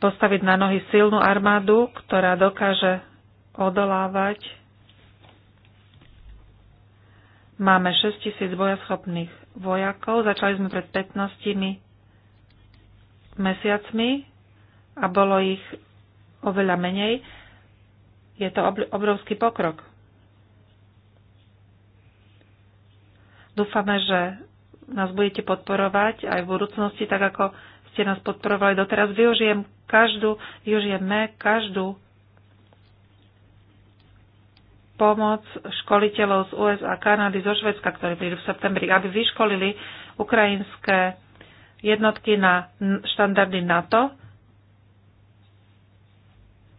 postaviť na nohy silnú armádu, ktorá dokáže odolávať. Máme 6000 bojaschopných vojakov. Začali sme pred 15 mesiacmi a bolo ich oveľa menej. Je to obrovský pokrok. Dúfame, že nás budete podporovať aj v budúcnosti, tak ako ste nás podporovali doteraz. Využijem každú, využijeme každú pomoc školiteľov z USA, Kanady, zo Švedska, ktorí prídu v septembri, aby vyškolili ukrajinské jednotky na štandardy NATO.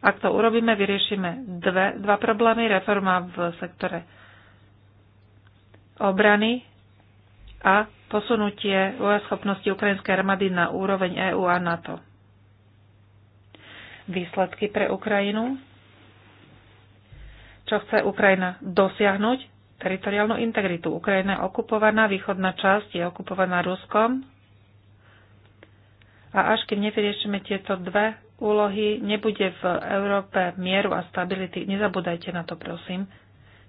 Ak to urobíme, vyriešime dve, dva problémy. Reforma v sektore obrany a posunutie schopnosti ukrajinskej armády na úroveň EÚ a NATO. Výsledky pre Ukrajinu čo chce Ukrajina dosiahnuť, teritoriálnu integritu. Ukrajina je okupovaná, východná časť je okupovaná Ruskom. A až keď nevyriešime tieto dve úlohy, nebude v Európe mieru a stability. Nezabúdajte na to, prosím.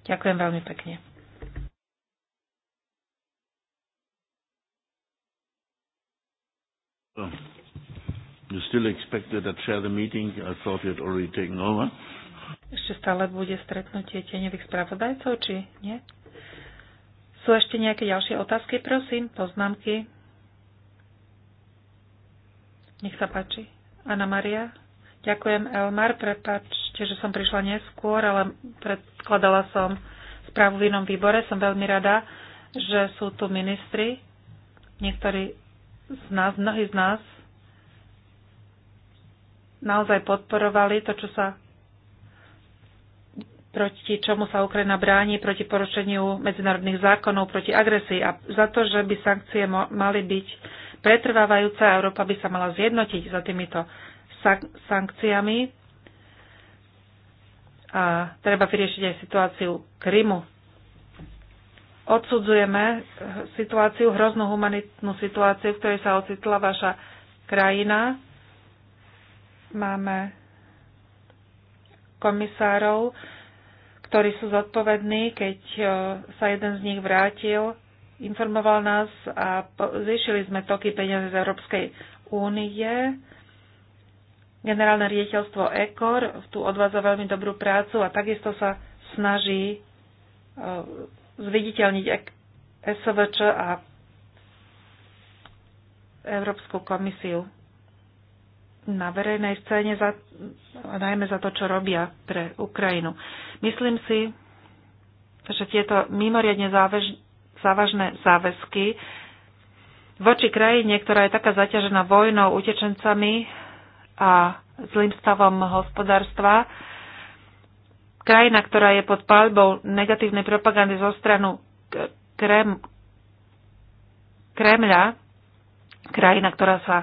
Ďakujem veľmi pekne. You still expected to chair the meeting. I thought you had already taken over. Ešte stále bude stretnutie tieňových spravodajcov, či nie? Sú ešte nejaké ďalšie otázky, prosím, poznámky? Nech sa páči. Ana Maria? Ďakujem, Elmar. Prepačte, že som prišla neskôr, ale predkladala som správu v inom výbore. Som veľmi rada, že sú tu ministri. Niektorí z nás, mnohí z nás naozaj podporovali to, čo sa proti čomu sa Ukrajina bráni, proti porušeniu medzinárodných zákonov, proti agresii a za to, že by sankcie mali byť pretrvávajúce a Európa by sa mala zjednotiť za týmito sankciami a treba vyriešiť aj situáciu Krymu. Odsudzujeme situáciu, hroznú humanitnú situáciu, v ktorej sa ocitla vaša krajina. Máme komisárov, ktorí sú zodpovední, keď e, sa jeden z nich vrátil, informoval nás a zvýšili sme toky peniaze z Európskej únie. Generálne riediteľstvo EKOR tu odvádza veľmi dobrú prácu a takisto sa snaží e, zviditeľniť SVČ e a Európsku komisiu na verejnej scéne, za, najmä za to, čo robia pre Ukrajinu. Myslím si, že tieto mimoriadne závež, závažné záväzky voči krajine, ktorá je taká zaťažená vojnou, utečencami a zlým stavom hospodárstva, krajina, ktorá je pod palbou negatívnej propagandy zo stranu Krem, Kremľa, krajina, ktorá sa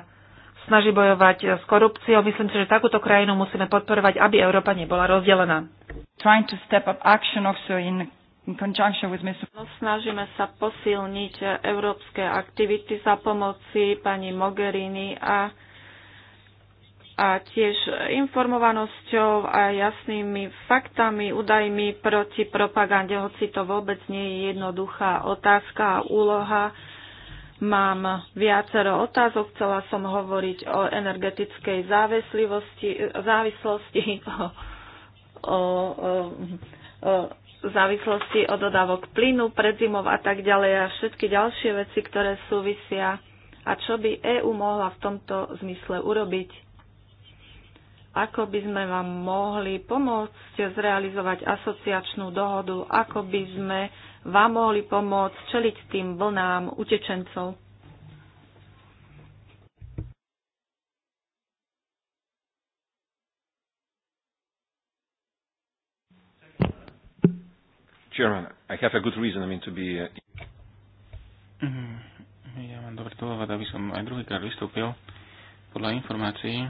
snaží bojovať eh, s korupciou. Myslím si, že takúto krajinu musíme podporovať, aby Európa nebola rozdelená. No, snažíme sa posilniť eh, európske aktivity za pomoci pani Mogherini a, a tiež eh, informovanosťou a jasnými faktami, údajmi proti propagande, hoci to vôbec nie je jednoduchá otázka a úloha Mám viacero otázok. Chcela som hovoriť o energetickej závislosti, závislosti o, o, o, závislosti od dodávok plynu, predzimov a tak ďalej a všetky ďalšie veci, ktoré súvisia. A čo by EÚ mohla v tomto zmysle urobiť? Ako by sme vám mohli pomôcť zrealizovať asociačnú dohodu? Ako by sme vám mohli pomôcť čeliť tým vlnám utečencov. Chairman, I have a good reason, I mean, to be... Uh... Mhm. Ja mám dobrý dôvod, aby som aj druhýkrát vystúpil. Podľa informácií,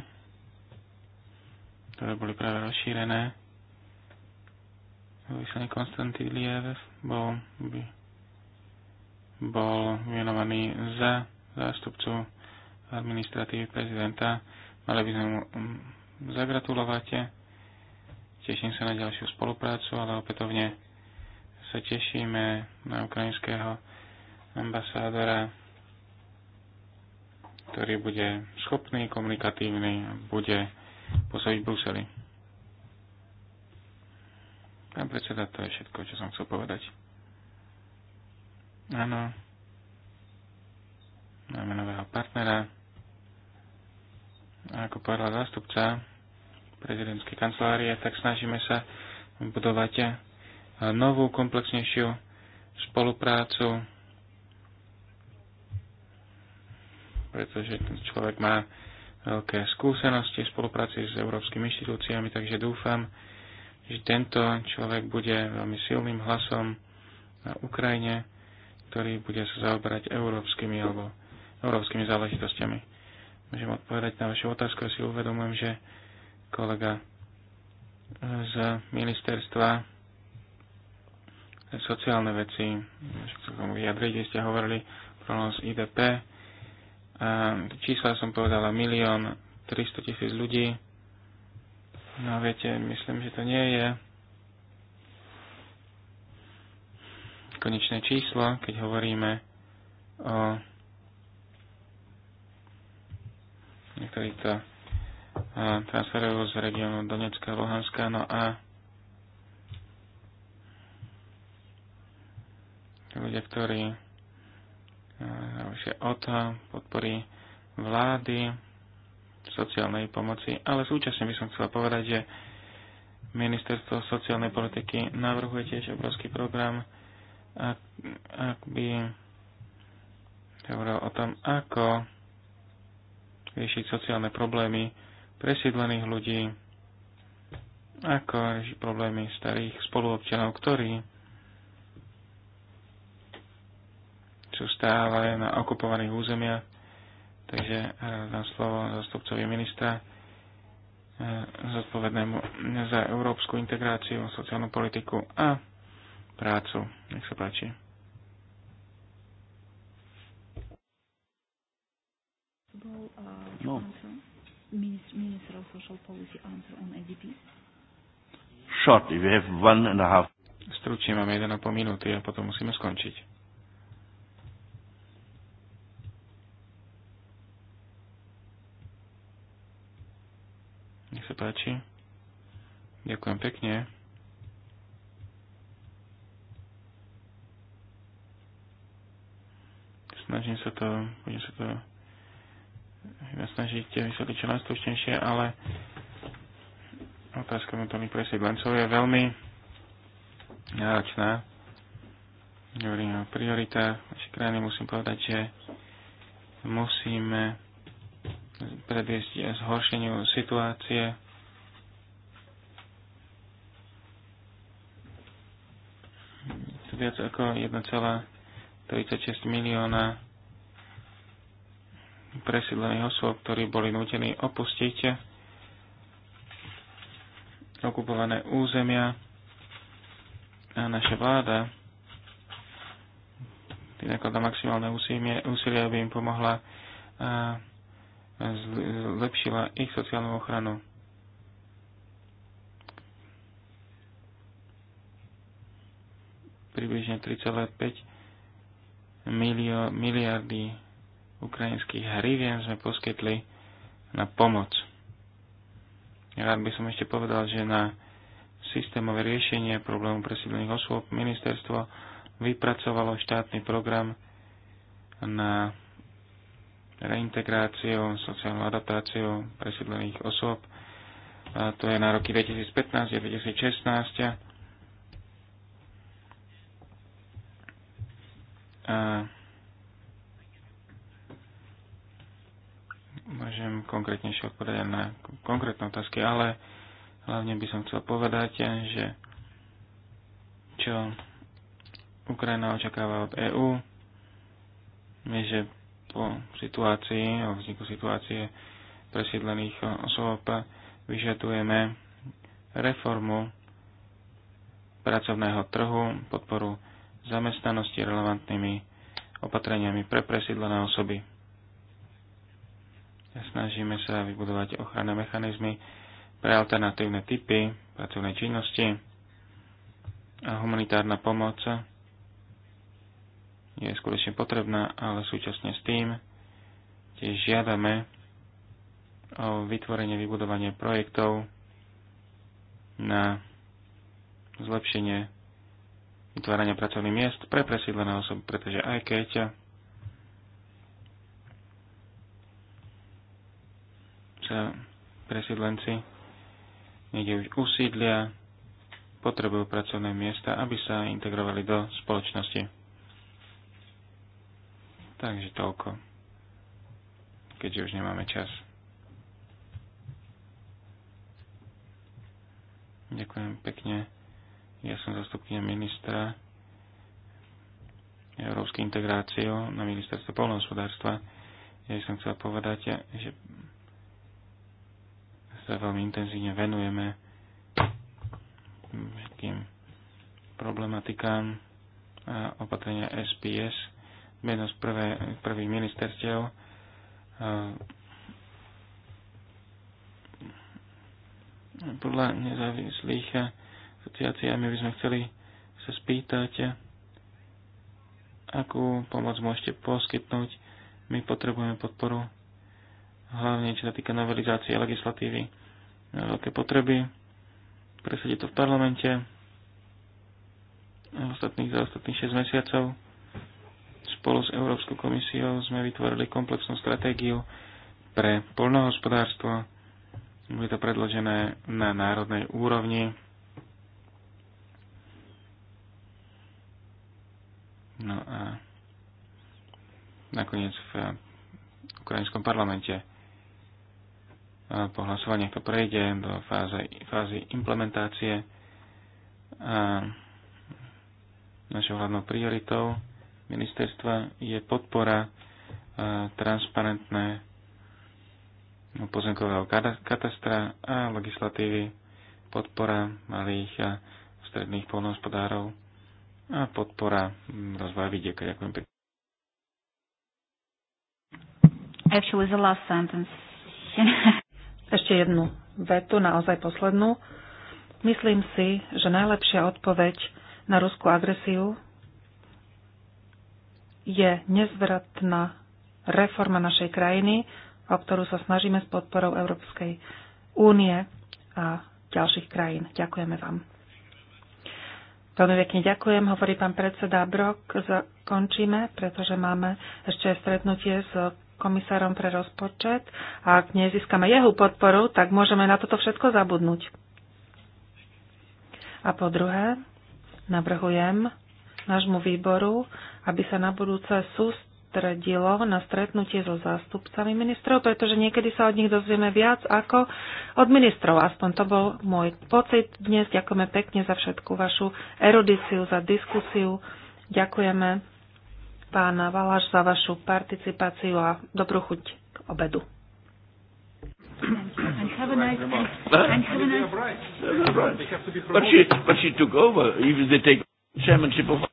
ktoré boli práve rozšírené, vyslaný Konstantín Liev bol, bol vienovaný za zástupcu administratívy prezidenta. Mali by sme mu mm, zagratulovať. Teším sa na ďalšiu spoluprácu, ale opätovne sa tešíme na ukrajinského ambasádora, ktorý bude schopný, komunikatívny a bude pôsobiť v Bruseli. Pán predseda, to je všetko, čo som chcel povedať. Áno. Máme nového partnera. A ako povedal zástupca prezidentskej kancelárie, tak snažíme sa budovať novú, komplexnejšiu spoluprácu, pretože ten človek má veľké skúsenosti v spolupráci s európskymi inštitúciami, takže dúfam, že tento človek bude veľmi silným hlasom na Ukrajine, ktorý bude sa zaoberať európskymi alebo európskymi záležitostiami. Môžem odpovedať na vašu otázku, ja si uvedomujem, že kolega z ministerstva sociálne veci, vyjadriť, kde ste hovorili problém IDP. čísla som povedala milión 300 tisíc ľudí, No viete, myslím, že to nie je konečné číslo, keď hovoríme o niektorých to transferujú z regiónu Donetska a Luhanska, no a ľudia, ktorí od podpory vlády sociálnej pomoci, ale súčasne by som chcela povedať, že Ministerstvo sociálnej politiky navrhuje tiež obrovský program, ak, ak by hovoril o tom, ako riešiť sociálne problémy presídlených ľudí, ako riešiť problémy starých spoluobčanov, ktorí sú stále na okupovaných územiach Takže e, dám slovo zastupcovi ministra e, zodpovednému za európsku integráciu, sociálnu politiku a prácu. Nech sa páči. No. Stručne máme 1,5 minúty a potom musíme skončiť. nech sa páči. Ďakujem pekne. Snažím sa to, budem sa to ja snažiť vysvetliť čo najstručnejšie, ale otázka presie. presídlencov je veľmi náročná. Hovorím o prioritách našej krajiny, musím povedať, že musíme predviesť zhoršeniu situácie. viac ako 1,36 milióna presídlených osôb, ktorí boli nútení opustiť okupované územia a naša vláda vynakladá maximálne úsilie, úsilie, aby im pomohla a zlepšila ich sociálnu ochranu. Približne 3,5 miliardy ukrajinských hrivien sme poskytli na pomoc. Rád by som ešte povedal, že na systémové riešenie problému presídlených osôb ministerstvo vypracovalo štátny program na reintegráciou, sociálnou adaptáciou presídlených osôb. A to je na roky 2015 a 2016. A môžem konkrétnejšie odpovedať na konkrétne otázky, ale hlavne by som chcel povedať, že čo Ukrajina očakáva od EÚ, je, že po situácii, o vzniku situácie presídlených osôb vyžadujeme reformu pracovného trhu, podporu zamestnanosti relevantnými opatreniami pre presídlené osoby. Snažíme sa vybudovať ochranné mechanizmy pre alternatívne typy pracovnej činnosti a humanitárna pomoc je skutočne potrebná, ale súčasne s tým tiež žiadame o vytvorenie, vybudovanie projektov na zlepšenie vytvárania pracovných miest pre presídlené osoby, pretože aj keď sa presídlenci niekde už usídlia, potrebujú pracovné miesta, aby sa integrovali do spoločnosti. Takže toľko, keďže už nemáme čas. Ďakujem pekne. Ja som zastupkynia ministra európskej integrácie na ministerstve polnohospodárstva. Ja som chcel povedať, že sa veľmi intenzívne venujeme všetkým problematikám a opatrenia SPS jedno z prvé, prvých ministerstiev eh, podľa nezávislých asociácií my by sme chceli sa spýtať, akú pomoc môžete poskytnúť. My potrebujeme podporu, hlavne čo sa týka novelizácie legislatívy. Na veľké potreby presadiť to v parlamente ostatných, za ostatných 6 mesiacov Spolu s Európskou komisiou sme vytvorili komplexnú stratégiu pre polnohospodárstvo. Je to predložené na národnej úrovni. No a nakoniec v ukrajinskom parlamente po hlasovaniach to prejde do fáze, fázy implementácie. A našou hlavnou prioritou ministerstva je podpora e, transparentné no, pozemkového katastra a legislatívy, podpora malých a stredných polnohospodárov a podpora mm, rozvoja vidieka. Ďakujem pekne. Actually, the last sentence. Ešte jednu vetu, naozaj poslednú. Myslím si, že najlepšia odpoveď na ruskú agresiu je nezvratná reforma našej krajiny, o ktorú sa snažíme s podporou Európskej únie a ďalších krajín. Ďakujeme vám. Veľmi pekne ďakujem, hovorí pán predseda Brok. Zakončíme, pretože máme ešte stretnutie s komisárom pre rozpočet a ak nezískame jeho podporu, tak môžeme na toto všetko zabudnúť. A po druhé, navrhujem nášmu výboru, aby sa na budúce sústredilo na stretnutie so zástupcami ministrov, pretože niekedy sa od nich dozvieme viac ako od ministrov. Aspoň to bol môj pocit dnes. Ďakujeme pekne za všetku vašu erudíciu, za diskusiu. Ďakujeme pána Valáš za vašu participáciu a dobrú chuť k obedu. And have a nice, and have a nice. But she, but she took over. Even they take chairmanship of.